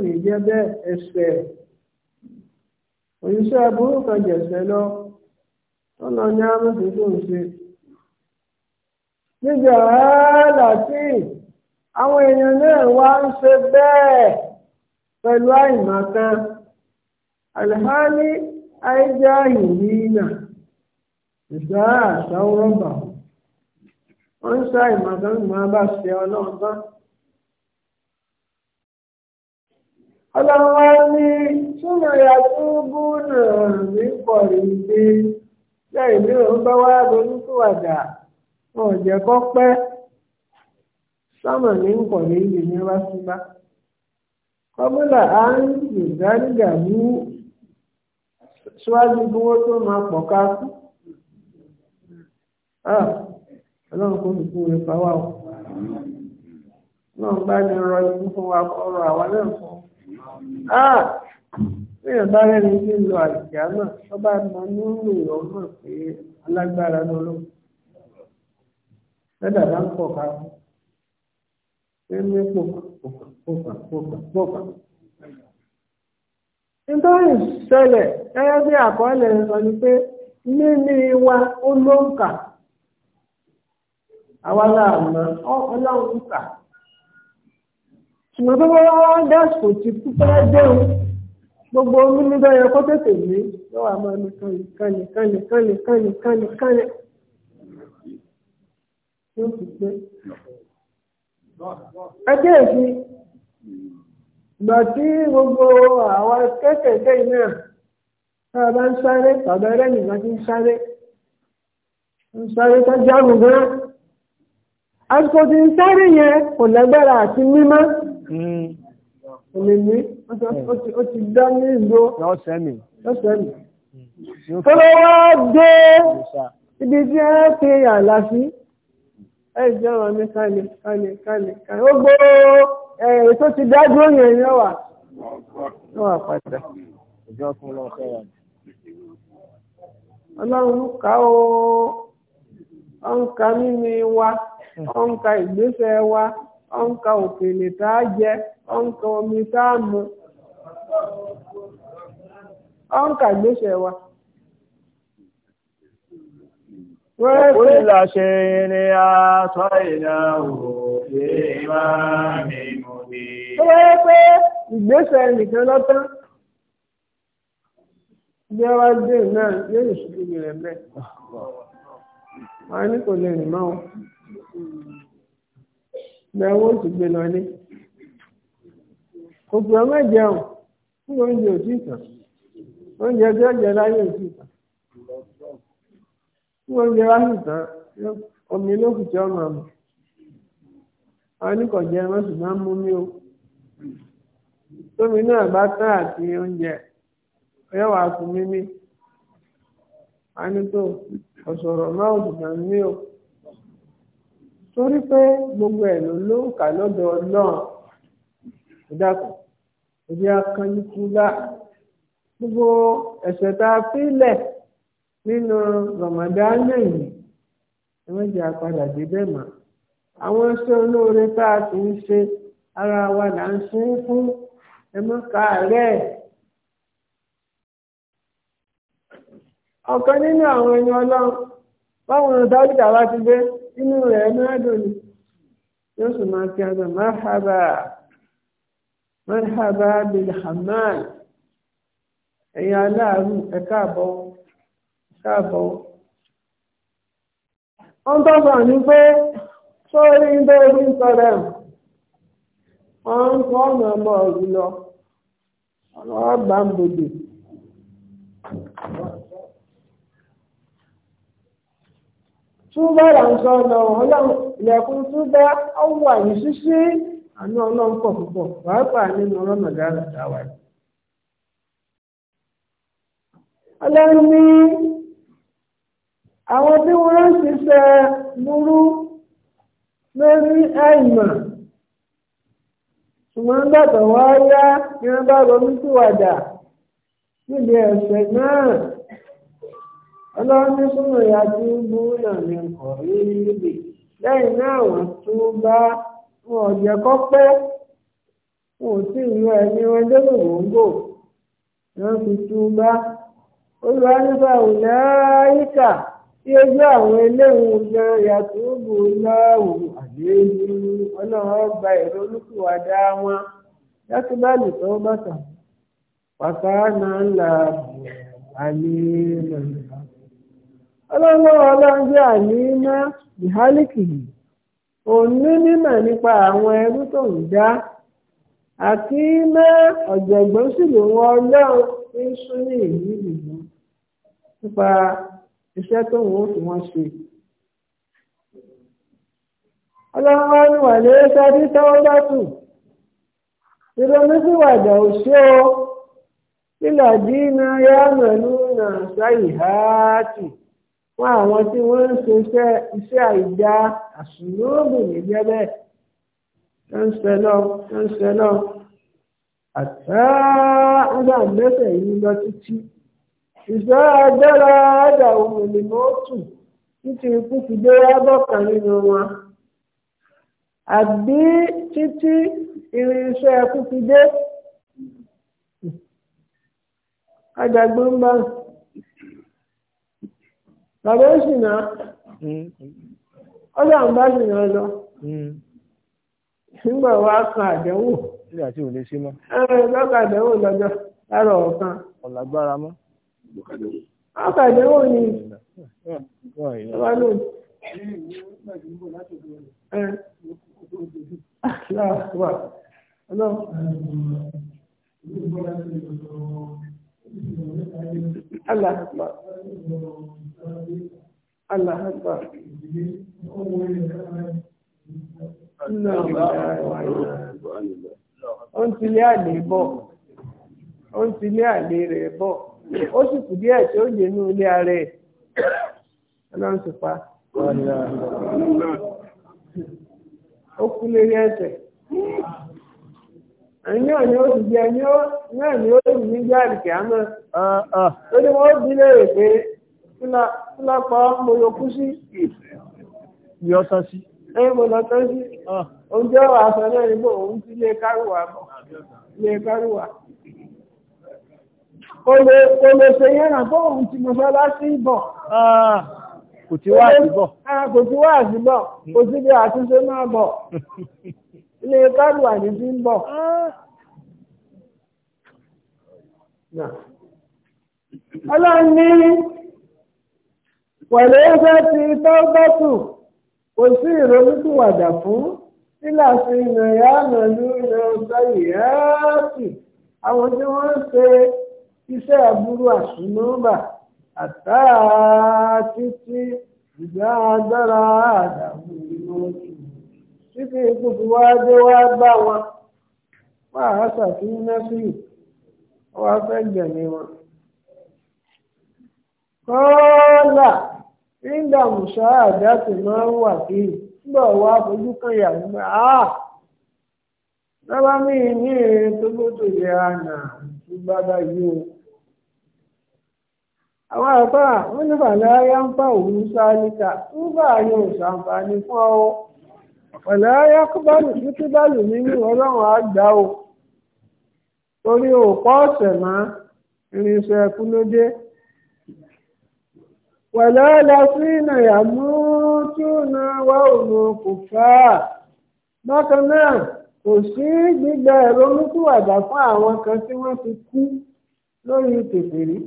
lè jẹ́ bẹ́ẹ̀ ẹsẹ̀ níjọ láti àwọn èèyàn náà wá ń ṣe bẹ́ẹ̀ pẹ̀lú àìmọ̀kan alhali àìjá ìlínà ìgbà àṣàwọ́rọ̀bà wọ́n ń ṣe àìmọ̀kan máa bá ṣe ọlọ́run ọlọ́wọ́ ní túnmọ̀ yàtú búnà ní pọ̀ bá wá ronú wọn ò jẹ́ kó pẹ́ sọ́mọ̀ ní nkọ̀lẹ́ ilé ní wá síbá kọ́mọ́là á ń lè dárígà mú síwájú kí wọ́n tó máa pọ̀ ká kú ọlọ́run kò fi kúrò pa wá o náà bá ní rọ ikú fún wa ọrọ̀ àwa náà Bẹ́ẹ̀ bá rẹ̀ ní kí lo àìsíá náà, ọba àmọ́ ní ń lò ọ́ mọ̀ pé alágbára lọ́lọ́run tẹ́lẹ̀ bá ń pọ̀ ká ṣe ń mí pòkà pòkà pòkà pòkà. nítorí ìṣẹ̀lẹ̀ gẹ́gẹ́ bí àkọọ́lẹ̀ sọ ni pé níní wa ó ló ń kà àwa láàmú ọlọ́run kà ṣùgbọ́n tó wọ́n wá dásìkò ti kú fẹ́ déhùn gbogbo mímí bẹ́ẹ̀ yẹ kó tètè mí lọ́wọ́ àmọ́ ẹni kánni kánni kánni kánni kánni kánni kánni yóò ti pé. ẹgbẹ́ èsì gbà tí gbogbo àwọn kéékèèké náà tá a bá ń sáré tàbí ẹlẹ́yìn ìgbà tí ń sáré ń sáré tó jáàmù gan-an àsìkò tí ń sáré yẹn kò lágbára àti mímọ́ òmìnirí ó ti dá ní ìgbó lọ́sẹ̀mì tó lọ́wọ́ dé ibi tí wọ́n fi àlàáfíà. ẹ jẹ́ ọ̀rọ̀ mi kalẹ̀ kalẹ̀ kalẹ̀ kalẹ̀ ó gbó ẹ̀ tó ti dájú òyìn ẹ̀yìn ọ̀wà ọ̀wà padà. ìjọ fún lọ sẹ́wà. ọlọ́run ká o ń ka mímí wa ọ ń ka ìgbésẹ̀ wa ń ka òkèlè tá a jẹ ó ń ka omi tá wa. وكل شيء أعطيناه في إمام مبين ìgbésẹ̀ náà yóò ṣubú rẹ̀ bẹ́ẹ̀ wọn ní kò lè rìn mọ́ wọn bẹ́ẹ̀ ti gbé lọ ní kò pè ọmọ ìjẹun fún oúnjẹ òtítàn oúnjẹ tí ó jẹ láyé òtítàn tí wọ́n jẹ ráṣù tán omi olókùn tí wọ́n máa mú àwọn oníkọ̀jẹ wọn sì máa ń mú mi o tómi náà bá tán àti oúnjẹ ọyọ́ wàá fún mi mí a ní tó ọ̀sọ̀rọ̀ náà òdùnà mí o torí pé gbogbo ẹ̀ ló ló kà lọ́dọ̀ náà kò dàpọ̀ òbí akánjú kú gbogbo ẹ̀sẹ̀ tá a fi lẹ̀. nínú Ramadan yìí ẹ jẹ́ àpadà débẹ̀ àwọn isi olóore tá a ti ń ṣe ara wa là ń ṣe é fún ẹ má káàárẹ̀. ọ̀kan nínú àwọn ẹni ọlọ́run báwọn dókítà wa ti dé inú rẹ̀ náà ni yóò sì máa ẹ̀yin káàbọ̀ wọ́n tọ́sọ̀ ní pé sórí ilé orí ń wọ́n kọ́ ọ̀nà ọmọ ọ̀gbìn lọ ọ̀rọ̀ ọgbà ń túbọ̀ là ń sọ ọ̀nà àwọn tí wọ́n ń ṣiṣẹ́ burú lórí àìmọ̀ ṣùgbọ́n gbàtọ̀ wá yá ni wọ́n bá ronú síwàdà níbi ẹ̀ṣẹ̀ náà ọlọ́run súnmọ́ ìyá tí ń bú náà ní ọ̀rí níbi lẹ́yìn náà wọ́n tún bá wọn ọ̀jẹ̀ kọ́ wọn ò tí fi tún bá olùwárí bá òun náà irú àwọn eléwọ̀n gan yàtọ̀ ògbò lọ́wọ́ àléébù ọlọ́run gba èrò olùkùwàdà wọn dákúbálì tó bàtà pàtà náà là àlèémọ̀ ọlọ́run ọlọ́run jẹ́ àlèémọ̀ ìhálìkì òun ní mímọ̀ nípa àwọn ẹrú tó ń dá àti mẹ́ ọ̀jọ̀gbọ́n sì lòun ọlọ́run ń sún ní ìlú ìlú nípa. iṣẹ́ tó ń wò fún wọn ṣe. ọlọ́run wá ní wà lórí sáré tọ́wọ́ bá tù ìrònú sí wàdà òṣó nílà dínà yáàmù lúnà sáyì háàtì fún àwọn tí wọ́n ń ṣe iṣẹ́ àìdá àṣùlóògùn nígbẹ́bẹ́ tó ń ṣe lọ tó ń ṣe lọ yìí lọ títí. ìgbà agbára àdà òun ni mo tù títí abụọ ti nínú àbí títí irinṣẹ́ ikú ti dé bàbá ó ọjà ń bá sì lọ nígbà wa kan àdánwò. nígbà tí ò lè ṣe ẹ lọ́kàn lọ́jọ́ After the whole is. Why not? Last one. Hello. Allah Akbar. Allah Akbar. No, ó ń ó sì kù díẹ̀ tí ó jẹ́ inú ilé ara ẹ̀ ó kú lérí ẹsẹ̀ ẹni náà ó sì jẹ ẹni náà ni ó sì ní jáde kìámọ́ ó ní wọ́n bí léèrè pé kílápá mo yọ kú sí yọ sọ sí ẹ mo lọ tọ́ sí ah. oúnjẹ wàá sọ náà nígbà òun ti lé kárùwà lé olóṣe yẹ́nà bọ́ọ̀hún ti mọ́sálásí ah, ah, bọ̀ kò tí wá àtìbọ̀ kò tí wá kò tí bí àtúnṣe máa bọ̀ ilé káàdù àyè ti ń bọ̀. ọlọ́run ní pẹ̀lú ẹgbẹ́ ti tọ́gbọ́tù kò sí ìrònúkúwàdà fún níláṣí ìrìnàyà àmàlú ìrìnàjò àwọn tí iṣẹ́ àbúrò àsùnmọ́bà àtà títí ìgbà agbára àdàmú oṣù títí ikú fi wá dé wá bá wọn wá àṣà kí ọ wá fẹ́ gbẹ̀mí wọn. kọ́ọ́là nígbà mùsà máa ń wà nígbà kan lọ́wọ́ mi ní àwọn àbá wọn ní fàlàyà ń bá òun sáníkà ń bá àyè òṣàǹfààní fún ọwọ́ fàlàyà kúbálù kúkúbálù nínú ọlọ́run àgbà o torí òpó ọ̀sẹ̀ mọ́ irinṣẹ́ ẹkú ló dé wàlá lásìnà yàmútúnà wà òun kò fà á bákan náà kò sí gbígba ẹ̀rọ mú kúwàdà fún àwọn kan tí wọ́n ti kú lórí tètè rí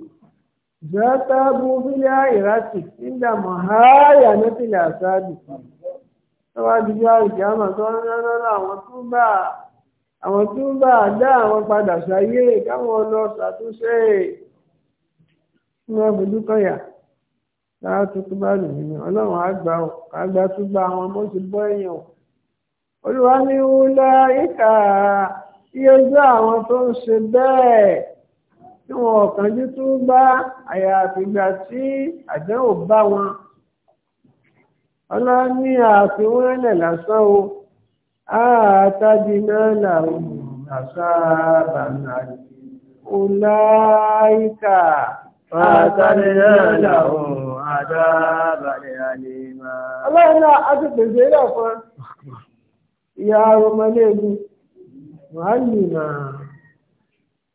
zatabu fili àìrásì nígbà mọ̀háyà ní fili àsáàdì tọ́wádìí àìjáàmà tó ń rán lọ́nà àwọn túbà dá àwọn padà sáyé káwọn lọ ṣàtúnṣe ní ọbùdú kọyà lára tuntun bá nù nínú ọlọ́run àgbà àgbà túbà àwọn ọmọ ti bọ́ ẹ̀yàn o olúwa ní wúlá iye jẹ́ àwọn tó ń ṣe bẹ́ẹ̀. tí wọn ọ̀kánjú tó gbá àyàfìgbà tí àdánwò bá wọn ọlọ́ní àfiwọ́lẹ̀ lásán o àtàdínà làwọn àṣàbà náà ọláìkà àtàdínà làwọn àṣàbà náà. ọlọ́run náà a ti pèsè ìyá wàá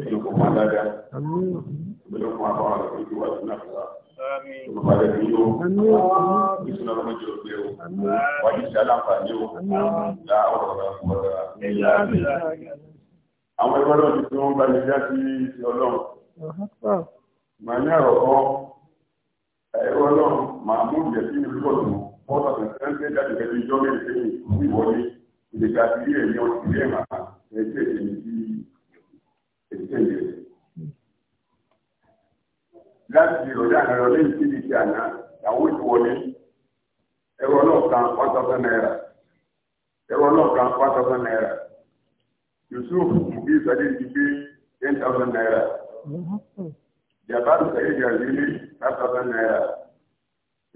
Ìjọba alága, ìjọba àbáwá Àwọn ẹgbẹ́ náà ti fi wọ́n gba já sí ti ọlọ́run. Màá ní àròkọ́ ẹ̀rọ náà màá mú ìjẹ̀sí ní púpọ̀ tó wọ́n sọ̀tò sẹ́ńtẹ́ jáde kẹ́tù ìjọ́ mẹ́rin sẹ́yìn ìwọlé ìdèkà sí ilé ẹ̀yọ́ ìdílé màá ẹgbẹ́ ìṣèlú èkéyè. láti ìrọ̀lẹ́ àná lọ lẹ́yìn tí ìdí ti àná ìyàwó ìwọlé ẹ̀rọ náà kan one thousand naira ẹ̀rọ náà kan one thousand naira Yusuf mugi sadi ti gbé ten thousand naira Jabaru sayi jazili five thousand naira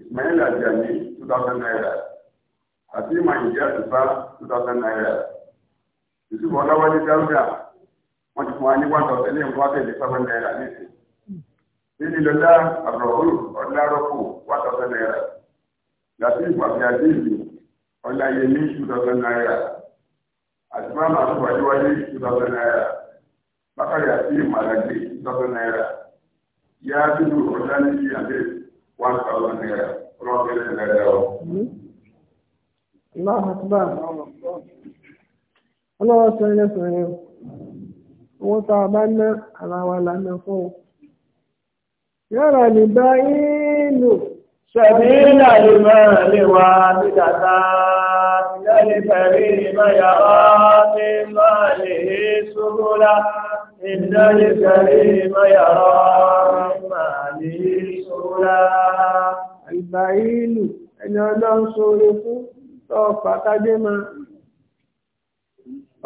Ismail ajani two thousand naira àti Manjia two thousand naira Yusuf ọlọ́wọ́dé dáúdà wọ́n ti fún wa ní one thousand eight hundred and seven naira nísìn nínú ìlọ́lá àbúrọ̀hún ọ̀dúnlárọ́pọ̀ one thousand naira yàtí ìgbàgbéyàdéèlì ọ̀làyẹmí two thousand naira àti máàmá àtúwájúwájú two thousand naira bákàrí àti ìmàlàgbé two thousand naira yáá dúró ọ̀dánìyí àti one thousand naira ọlọ́ọ̀kẹ́lẹ́ naira ọ̀. Allahu akbar. Ọlọ́wọ́ sọ ilé sọ̀rọ̀ owó tá a bá ná ara wa la ná fún o. yàrá ní báyìí ṣẹ̀bí ìlàlè máa lè wá nígbàtà ìlàlè fẹ̀rí ìmáyàwá ní máa lè ṣúgbọ́lá ìlàlè fẹ̀rí ìmáyàwá ní máa lè ṣúgbọ́lá. àìbáyìí ẹni ọlọ́run sóore fún tọ́ pàtàdé máa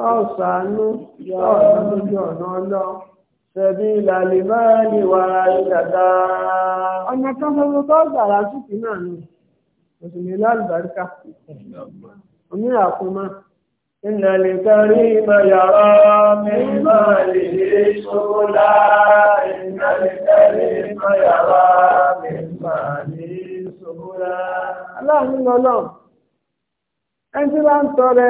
ọ̀sánú ọ̀nà lójú ọ̀nà ọlọ́ ṣẹ̀bí ìlàlè máa ní wà ìdàdà. ọ̀nà kan fẹ́rẹ́ tó gbàrà túkì náà ni òṣèlú lálùbáríkà omi àkúmá ìlàlè kárí ìmọ̀yàrá mímọ̀ lè lè ṣokolá ìlàlè mímọ̀ lè ṣokolá. aláàánú lọ́lọ́ ẹni tí wọ́n ń tọrẹ.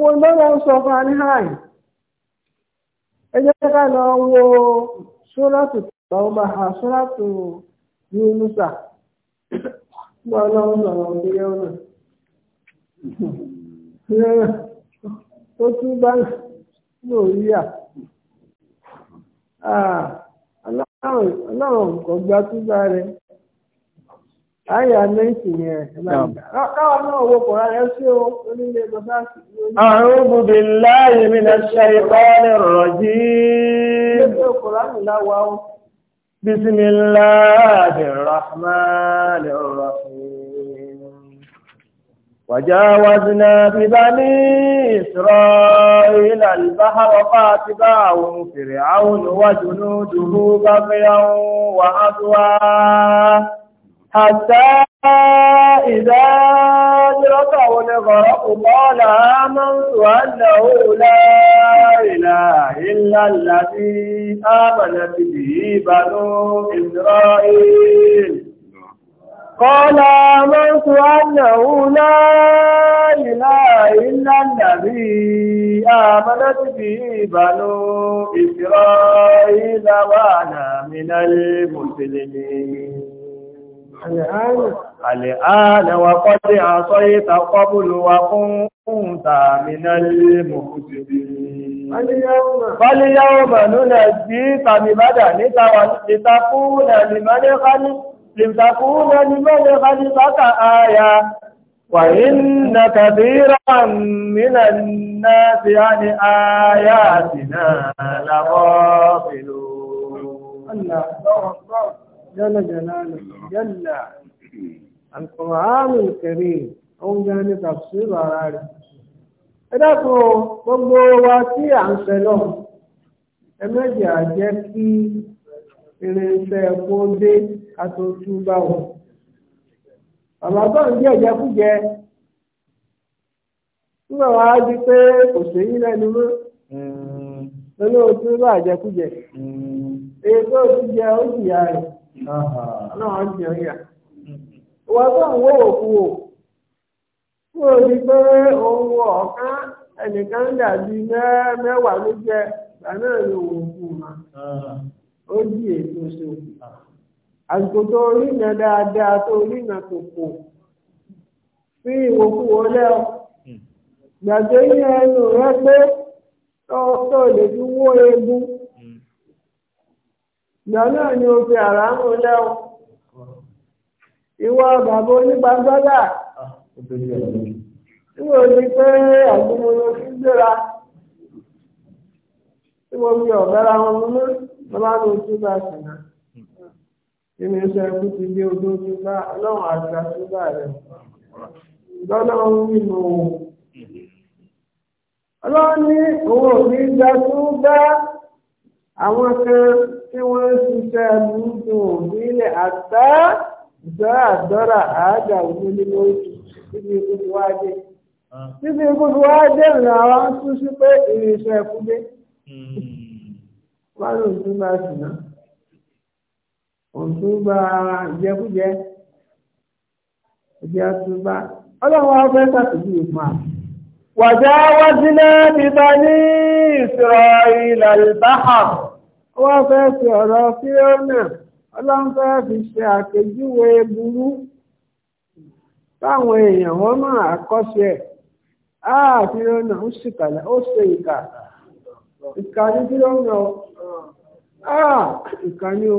gbogbo ń bọ́lá ń sọ fún anihan ẹ jẹ́ ká lọ wo sóràtù tàwọ́bà ha sóràtù yunusa gbọ́ ah, ọlọ́run sọ̀rọ̀ òkèèyàn náà tó Ayé àmẹ́sì yẹn. Káwọn náà wo kọ̀ọ̀rọ̀ rẹ̀ sí o, onílé bàbá àti ìlú. A'udhu billahi minash shaytanir rajim. Ṣé kọ̀ọ̀rọ̀ mi láwa o? Bismillahir rahmanir rahim. Wajawazna bi bani Isra'ila al-bahra حتى إذا أدركه الغرق قال آمنت أنه لا إله إلا الذي آمنت به بنو إسرائيل قال آمنت أنه لا إله إلا الذي آمنت به بنو إسرائيل وأنا من المسلمين الآن وقد عصيت قبل وكنت من المفسدين فاليوم ننجيك ببدنك لتكون لمن خلق لتكون لمن خلقك آية وإن كثيرا من الناس عن آياتنا لغافلون الله أكبر جل جلاله جل القرآن الكريم òun gan ni tàbísírò ara rẹ̀ ẹ dákun gbogbo wa tí à ń ṣe lọ ẹ méjì á jẹ́ kí irinṣẹ́ kó dé ká tó tú bá wọn bàbá tó ń jẹ ìjẹkújẹ nígbà wá di pé kò séyí lẹ́nu mọ́ hmm. lórí òtún bá ìjẹkújẹ hmm. èyí tó ti jẹ ó jìyà rẹ̀. náà jẹ́ yà. Wọ́n tó ń wó òkú o. Kó o di pé òun wọ ọ̀kan ẹnìkan dàbí mẹ́wàá ló jẹ́ òkú ma. Ó di èso ṣe òkú. Àsìkò tó rí iná dáadáa tó tó ọ. Gbàgbé yẹn pé tó lè fi ìgbà náà ni o fi àrà ń múlẹ̀ o ìwọ bàbá onígbàgbọ́dà níbo ni pé àgbọmọlọ ti ń gbéra tí mo fi wọn mú mọ́ bàbá mi ò tún bá ti dé bá ọlọ́run àti àtúbà tí wọ́n ń ṣiṣẹ́ lùdù òbílẹ̀ àtá dọ́rà dọ́rà àádà òun ní lóòtù níbi ikú ti wá dé. níbi ikú ti wá dé ìrìn àwọn ń sí pé ìrìnsẹ̀ kú dé. Hmm. wọ́n lò tún bá sùn náà. òtún bá jẹkújẹ. ìjẹ́ tún bá. ọlọ́run wa fẹ́ sàtúndì ìfún àná. وجاوزنا ببني إسرائيل البحر wọ́n fẹ́ fi ọ̀rọ̀ fíọ́nà fi ṣe àpèjúwe burú táwọn èèyàn wọn máa kọ́ṣe áà fíọ́nà ó ṣìkàlẹ̀ ó ṣe ìkà ìkà fíọ́nà áà ìkà ní o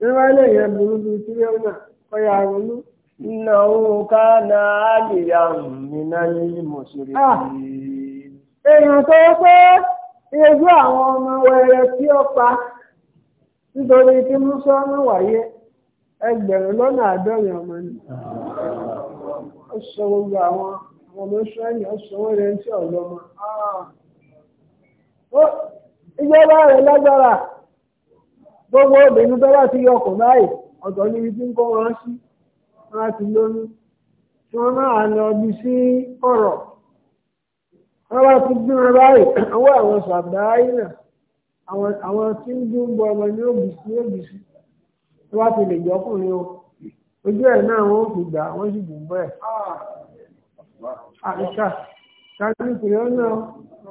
níwá ilé yẹn burú bíi fíọ́nà ronú. náà ní Èèyàn tó irú àwọn ọmọ wẹrẹ tí ó pa nítorí tí mùsọ́nù wáyé ẹgbẹ̀rún lọ́nà àádọ́rin ọmọ ni ó sọ gbogbo àwọn ọmọ israẹli rẹ gbogbo obìnrin tó bá ti yọ ọkọ báyìí ọ̀tọ̀ níbi tí ń wọn sí wọn wọ́n bá ti bí wọn báyìí ọwọ́ àwọn sàdáyé náà àwọn tí ń dún bọ ọmọ ní òbísí òbísí tó wá ti lè jọ ọkùnrin o ojú ẹ̀ náà wọ́n fi gbà wọ́n sì dùn bọ́ ẹ̀. àìsà kájú kìlọ́ náà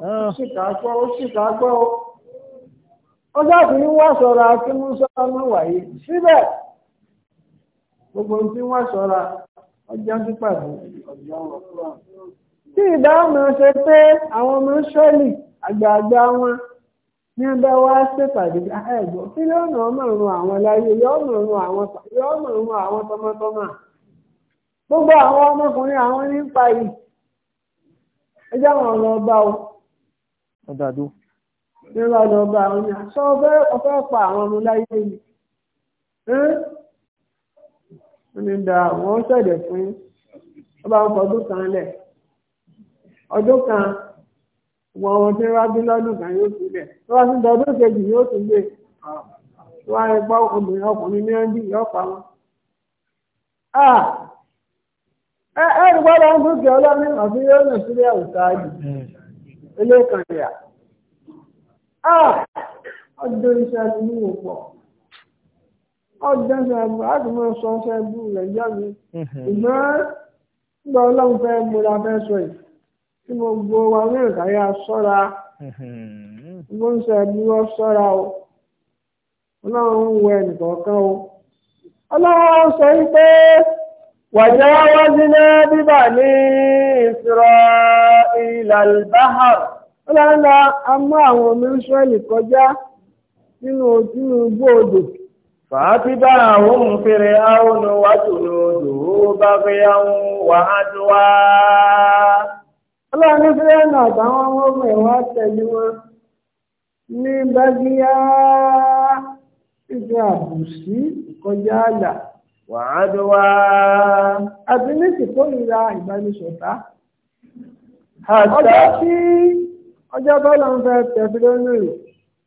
ó sì kà á gbọ́ ó sì kà á gbọ́ o. ó dáàbò ní wọ́n sọ̀rọ̀ àti musa ọmọ wàyí síbẹ̀ gbogbo ohun tí wọ́n sọ̀rọ̀ ọjà ń pípàdé. tí ìbá ọmọ ṣe pé àwọn ọmọ ṣọ́ọ̀lì àgbààgbà wọn ní ọba wa ṣèpàdé ah, ẹ̀gbọ́n kí ló nà ọmọ ọ̀run àwọn láyé yọ ọmọ ọ̀run àwọn tọmọtọmọ gbogbo àwọn ọmọkùnrin àwọn yìí àwọn ọ̀rọ̀ ọba o. ọ̀dàdó. ní ọba ọ̀rọ̀ ọba àwọn ni àṣọ ọfẹ́ pa àwọn ọmọ kan lẹ̀. ọdún kan wọ ohun tí wọ́n bí lọ́dún kan yóò tún lẹ̀ tó wá sí ọdún kejì yóò tún lè tó wá ipá obìnrin ọkùnrin ní yóò pa wọn. ẹnì gbọ́dọ̀ ń dúkìá ọlọ́run ọ̀sìn yóò nà sílẹ̀ yà. ọdún ní òpó ọdún láti máa sọ rẹ̀ mi tí gbogbo wa náà káyà sọ́ra mm-hmm. gbogbo ń sọ ẹbí sọ́ra o ọlọ́run ń wọ ẹnìkọ̀ọ̀kan o ọlọ́run sọ wípé wàjá wá sílẹ̀ bíbà ní al ọlọ́run a mú àwọn kọjá nínú gbòòdò. bá àwọn àwọn lòdò bá fẹ́ ọlọ́run ní fúlẹ́ẹ̀nù àtàwọn ọmọ ọmọ ẹ̀ wá tẹ̀lé wọn ní bágíyá ìfẹ́ àbùsí kọjá àlà. wàhálà wá. àti ní ìkórìíra ìbánisọ̀tá. ọjọ́ tí ọjọ́ bọ́lá ń fẹ́ tẹ̀sí lónìí rẹ̀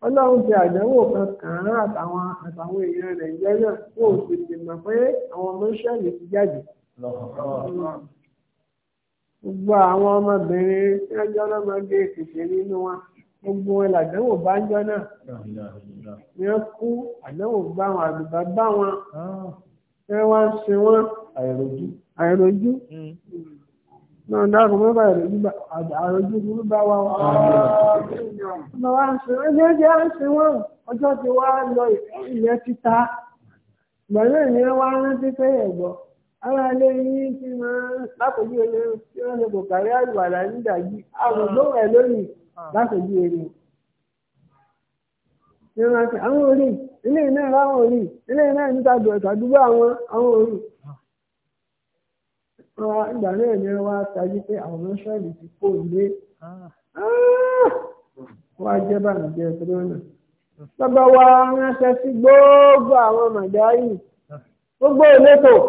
ọlọ́run ti àdánwò kan kàn án àtàwọn àtàwọn èèyàn rẹ̀ jẹ́ náà kó o sì ti mọ̀ pé àwọn ọmọ ìṣẹ́lẹ̀ ti jáde gbogbo àwọn ọmọbìnrin tí wọ́n jọ́ lọ́mọdé kìsì nínú wọn gbogbo wọn làdánwò bá ń jọ náà ni wọ́n kú àdánwò bá wọn àdùbá bá wọn ẹ wá ń sin wọn àìròjú àìròjú náà hmm. dákun mọ́ bá àìròjú àìròjú burú bá wa wọ́n wá ń sin wọ́n jẹ́ ń sin wọn ọjọ́ ti wá lọ ilẹ̀ títa ìgbà ni wọ́n wá rántí pé ẹ̀gbọ́n. ara ilé yín ti máa ń lápòjú ẹni tí wọ́n ṣe kò kárí àlùwàlà nídàájí àwọn ògbóhùn ẹ̀ lónìí lápòjú ẹni. ori, ile ṣe àwọn orí ilé náà láwọn orí ilé náà níta bẹ̀rẹ̀ ṣàdúgbò àwọn àwọn orí. ìgbà náà ni tají pé àwọn ti kó ilé. Ah! wọ́n á jẹ́ bàmíjẹ́ gbogbo àwọn gbogbo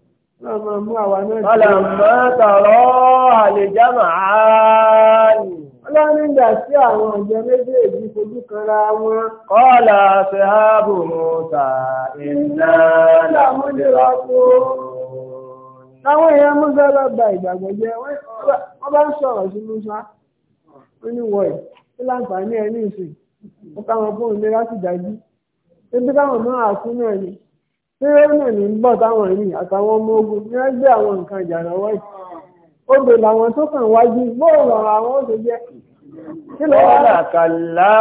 Ọlọ́mọ tọ̀rọ àlèjámà áàlì. Ọlọ́rin gbà sí àwọn ọ̀jọ́ méjèèjì fojú kanra wọn. Kọ́ọ̀lá ṣe háàbù mọ́ta iná lámúlérà kó. Táwọn èèyàn mú fẹ́ lọ gba ìgbàgbọ́ jẹ́, wọ́n bá ń sọ̀rọ̀ sí Musa. Ó ní wọ̀ ẹ̀, ó láǹfààní nírẹ́nà ní ń bọ̀ táwọn yìí àtàwọn ọmọ ogun ní wọ́n gbé àwọn nǹkan ìjà lọ́wọ́ yìí odò làwọn tó kàn wájú bóòlù ọ̀rọ̀ àwọn ó ti jẹ́ kí ló wá là kàlá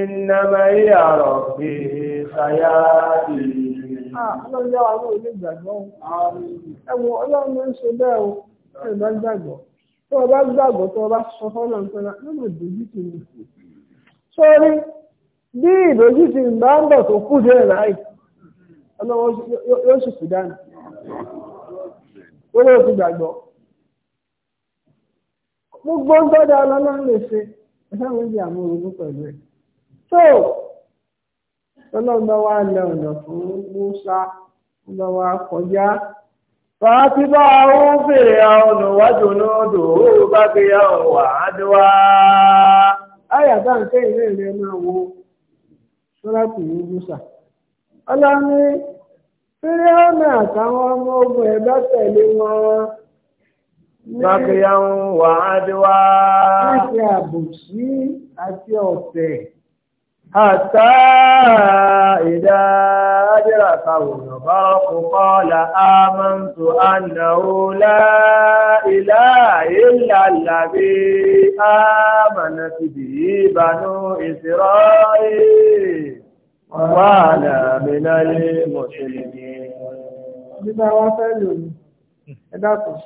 ìnàmà yìí àrọ̀ bí ṣayá bì í. ọlọ́run yá wa ní ilé ìgbàgbọ́ ẹ̀wọ̀n ọlọ́run ló ń ṣe bẹ́ẹ̀ o ẹ̀ bá gbàgbọ́ tó o bá gbàgbọ́ tó o bá sọ fọ́nà nǹkan náà ló ìdójútì ń bá ń bọ̀ tó kù dé láì ọlọ́wọ́ yóò sì fi dànù lórí òkú gbàgbọ́. gbogbo gbọ́dọ̀ ọlọ́run lè ṣe ẹ̀fẹ́ mi di àmú orogún pẹ̀lú ẹ̀. ọlọ́run bá wá Musa wá kọjá. bá fèrè bá Musa. ọlọ́ni fíríọ́nà àtàwọn ọmọ ogun ẹ̀ bá tẹ̀lé wọn. Bákìyà ń wà á dé wá. Láti àbòsí àti ọ̀tẹ̀. Àtà ìdá Ájẹ́rà Kàwòrán bá kókọ́ la ámántò ànàwó lá ìlà ìlà làbí ámànà ti bìí bànú ìsirọ́ yìí wàhálà àbẹ̀láyé mọ̀ṣẹ̀lẹ̀ ni. nígbà wọn fẹ́ lò ní ẹ dákun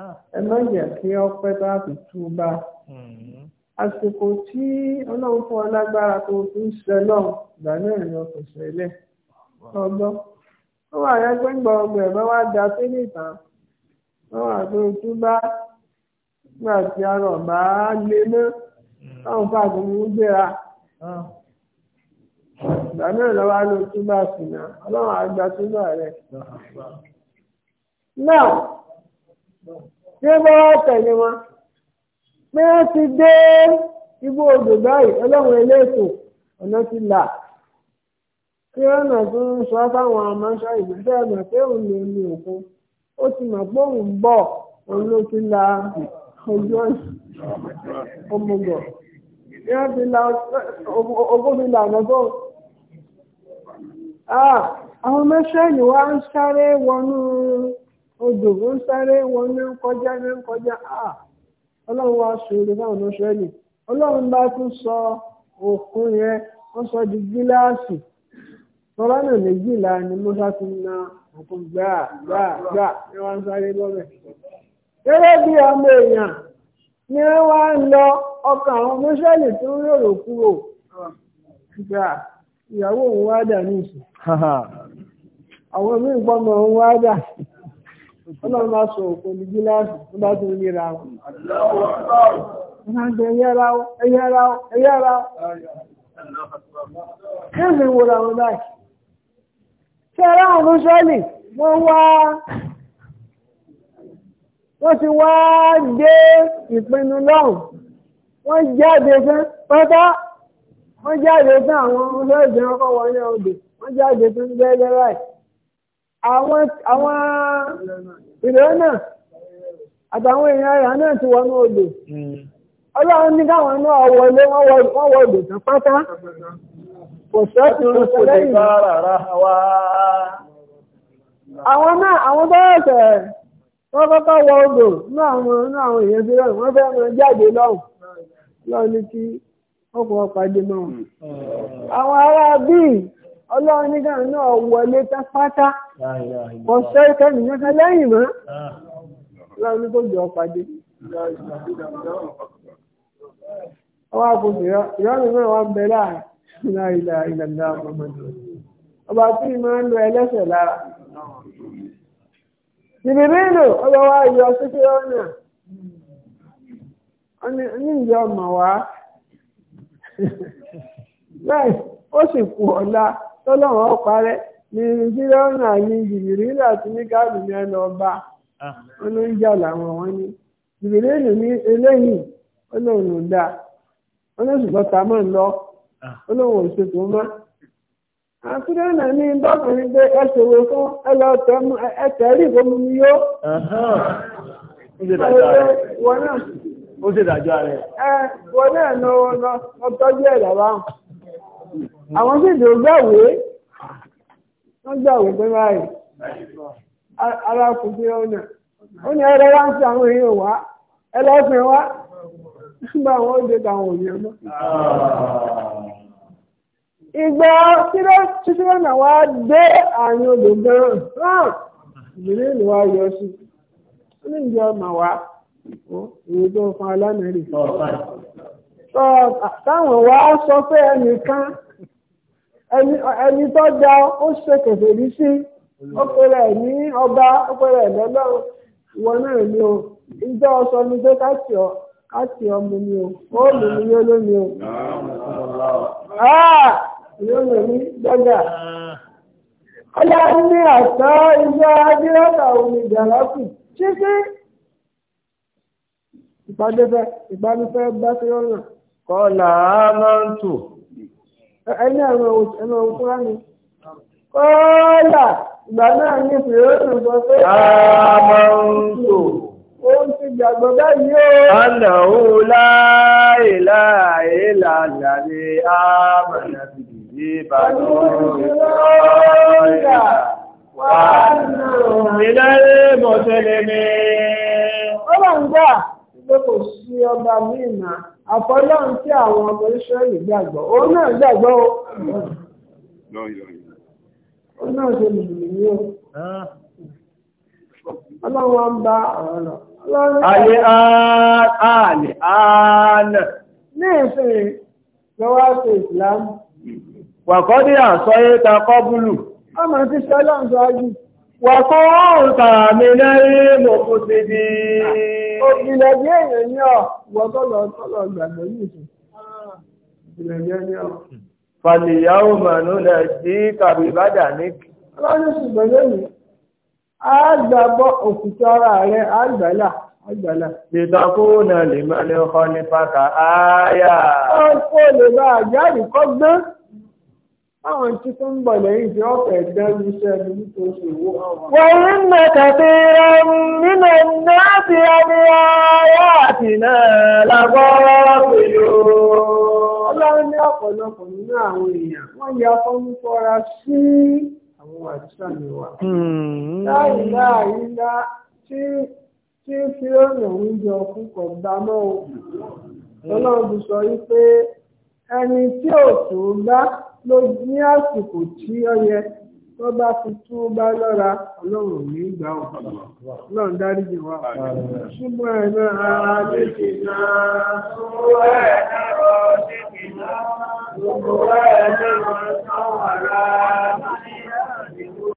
ah. ẹ má jẹ́ kí ọpẹ́ bá fi tú bá hmm. àsìkò tí ọlọ́run fún ọ lágbára tó fi ń ṣe lọ́hùn ìgbà náà ni ọkọ̀ ṣẹlẹ̀ ọgbọ́n wọn wà rẹgbẹ́ ń gbọ́ ọgbẹ́ ẹ̀ bá wá da sí nìta wọn wà tó tú bá gbà arọ̀ bá lé mọ́ hmm. táwọn fàgùn ń gbéra. Ah ìgbà náà lọ́wọ́ á lọ túbà sínú ọlọ́run á gba túbà rẹ̀. náà ṣé bá tẹ̀lé wọn pé wọ́n ti dé ibú odò báyìí ọlọ́run eléètò ọ̀nà ti là kí wọ́n náà tún ń sọ fáwọn amáṣá ìgbésẹ̀ ọ̀nà pé òun lè mi òkun ó ti mọ̀ pé òun ń bọ̀ òun ló ti la ojú ọmọgọ̀ wọ́n ti la ogún mi là ọ̀nà tó àwọn mẹ́sàn-án wa ń sáré wọnú odò ń sáré wọnú kọjá ní kọjá ọlọ́run wa sọ̀rọ̀ fáwọn mẹ́sàn-án ọlọ́run bá tún sọ òkun yẹn wọ́n sọ di gíláàsì tọ́lánà méjìlá ni musa ti na òkun gbà gbà gbà ni wọ́n ń sáré lọ́rẹ̀ gẹ́gẹ́ bí ọmọ èèyàn ni wọ́n wá ń lọ ọkàn àwọn mẹ́sàn-án tó ń rò kúrò ìyàwó òun wá dà ní ìsìn àwọn míì gbọ́mọ òun wá dà ọlọ́run bá sọ òkú ní gíláàsì tó bá tún wọn. ọ ẹ̀yára ọ ẹ̀yára ọ. kéèmì wo ara àwọn wọ́n ti wá dé ìpinnu lọ́hùn wọ́n wọ́n jáde tán àwọn olóògbé wọn kọ́ wọlé wọ́n jáde tán gẹ́gẹ́ báyìí àwọn ìrẹ́ náà àtàwọn èèyàn ara náà ti wọnú odò ọlọ́run ní káwọn náà wọlé wọ́n wọ tán pátá kò àwọn náà àwọn wọ́n kọ́kọ́ wọ ó kọ́ pàdé mọ́ wọn. Hmm. àwọn ará bíi ọlọ́run nígbà náà wọlé tápátá kò sọ ìkẹ́ni nípa lẹ́yìn mọ́ ọlọ́run ní kò jọ pàdé. ọwọ́ àkókò ìrọ́lù náà wà ń bẹ láàrin ìlànà ọmọdé ọba tí máa ń lo ẹlẹ́sẹ̀ lára. Jìbìrìlù ọlọ́wọ́ ayọ̀ síkírọ́nà ní ìyá ọmọ wa. bẹ́ẹ̀ ó sì kù ọ̀la tọ́lọ́run parẹ́ ní fílọ́ọ̀nù àní jìbìrìlà àti nígàlù ah. ní ẹnu ọba wọn làwọn wọn ní jìbìrìlù ní eléyìí olóhùn ò dáa wọn mọ́ ń lọ olóhùn ò mọ́ àtúndé náà ní bọ́ọ̀kùnrin pé ẹ ṣòwò fún ẹ lọ tẹ ẹ yó. náà ó sì dájọ́ rẹ̀. ẹ wọ náà lọ lọ tọ́jú ẹ̀ bàbá àwọn sì dò gbàwé wọ́n gbàwé pé báyìí arákùnrin ọ̀nà ó ní ẹ̀rọ láǹtí àwọn èèyàn wá ẹlọ́pìn wá nígbà àwọn ó dé tàwọn òní ọmọ. ìgbà kíló títúrọ̀ náà wá dé àárín odò gan-an náà ìdílé ìlú wa yọ sí ó ní ìjọ mà wá. Èyí tó fún alámẹ́rì. Táwọn wá sọ pé ẹnìkan ẹni tó da ó ṣe kèfèrí sí ó pẹ̀lẹ́ ní ọba ó pẹ̀lẹ́ lọ́lọ́run ìwọ náà ni o ìjọ ọsọ ni pé káàtì ọ káàtì ọmọ ni o ó lù mí yó lónìí o. Ah! yóò lè ní gbọ́dọ̀. ọlọ́run ní àtọ́ iṣẹ́ adírẹ́tà omi ìdàlọ́kù títí ìpàdéfẹ́ ìgbàlúfẹ́ gbàsíọ́nà kọ́là ámántù ẹni àwọn ohun tó wá ní kọ́là ìgbà náà ní fìrọ́nù sọ pé ámántù ó ń ti gbàgbọ́ báyìí ó. àná ó láì láì lànà ní ámánà ti dìde bàtọ́. Wà á nù. Ìlẹ́rìí mọ̀tẹ́lẹ́mí. Ó bá ń gbà. pé kò sí ọba míì mà àfọlọ́run tí àwọn ọmọ Ísírẹ́lì gbàgbọ́ òun náà gbàgbọ́ o. òun náà ṣe mùsùlùmí o. ọlọ́run ń bá lọ. Ayé ààlè Ní ìsìn lọ́wọ́ àti ìsìlámù. Wàkọ́dí àsọyé ta Ọmọ ti sọ Wọ̀kọ́ọ̀ta mi lẹ́rí mọ̀ kò sí bí. Ìpìlẹ̀ bí èèyàn ní ọ̀, wọ́tọ́lọ̀ tọ́lọ̀ gbàgbọ́ yìí tù. Ìpìlẹ̀ bí ẹni ọ̀. Fàlìyàwó mànú lẹ̀ sí kàbí bàdà ní. Ọlọ́run ṣùgbọ́n lónìí, a gbàgbọ́ òkùnkùn ara rẹ̀ àgbàlá àgbàlá. Ìtàkùn náà lè máa ní ọkọ nípa kà áyà. Ó kó lè bá àjáde kọ́gbọ́n. Àwọn tí tó ń bọ̀ lẹ́yìn tí ọ̀fẹ́ dẹ́rù iṣẹ́ mi nítorí ìwò àwọn. Wọ́n ń mẹ kàtí ẹrù nínú náà ti ọmọ ayé àti náà lágbọ́rọ́ pẹ̀lú. Ọlọ́run ní ọ̀pọ̀lọpọ̀ nínú àwọn èèyàn, wọ́n ya fọ́nú sí àwọn àtìsàmì wa. Hmm. Láì láì lá tí tí fi ọ̀nà oúnjẹ ọkùn kọ̀ gbá mọ́ òkú. Hmm. Ọlọ́run ti sọ wípé ẹni tí ò tó bá ló ní àsìkò tí ó yẹ tó bá fi tún bá lọ́ra ọlọ́run ní ìgbà ò ọlọ́run dáríjì wá ṣùgbọ́n ẹ̀ náà ara méjì náà ṣùgbọ́n ẹ̀ náà ọ̀rọ̀ ṣe kì náà ṣùgbọ́n ẹ̀ náà ọ̀rọ̀ ṣe kì náà.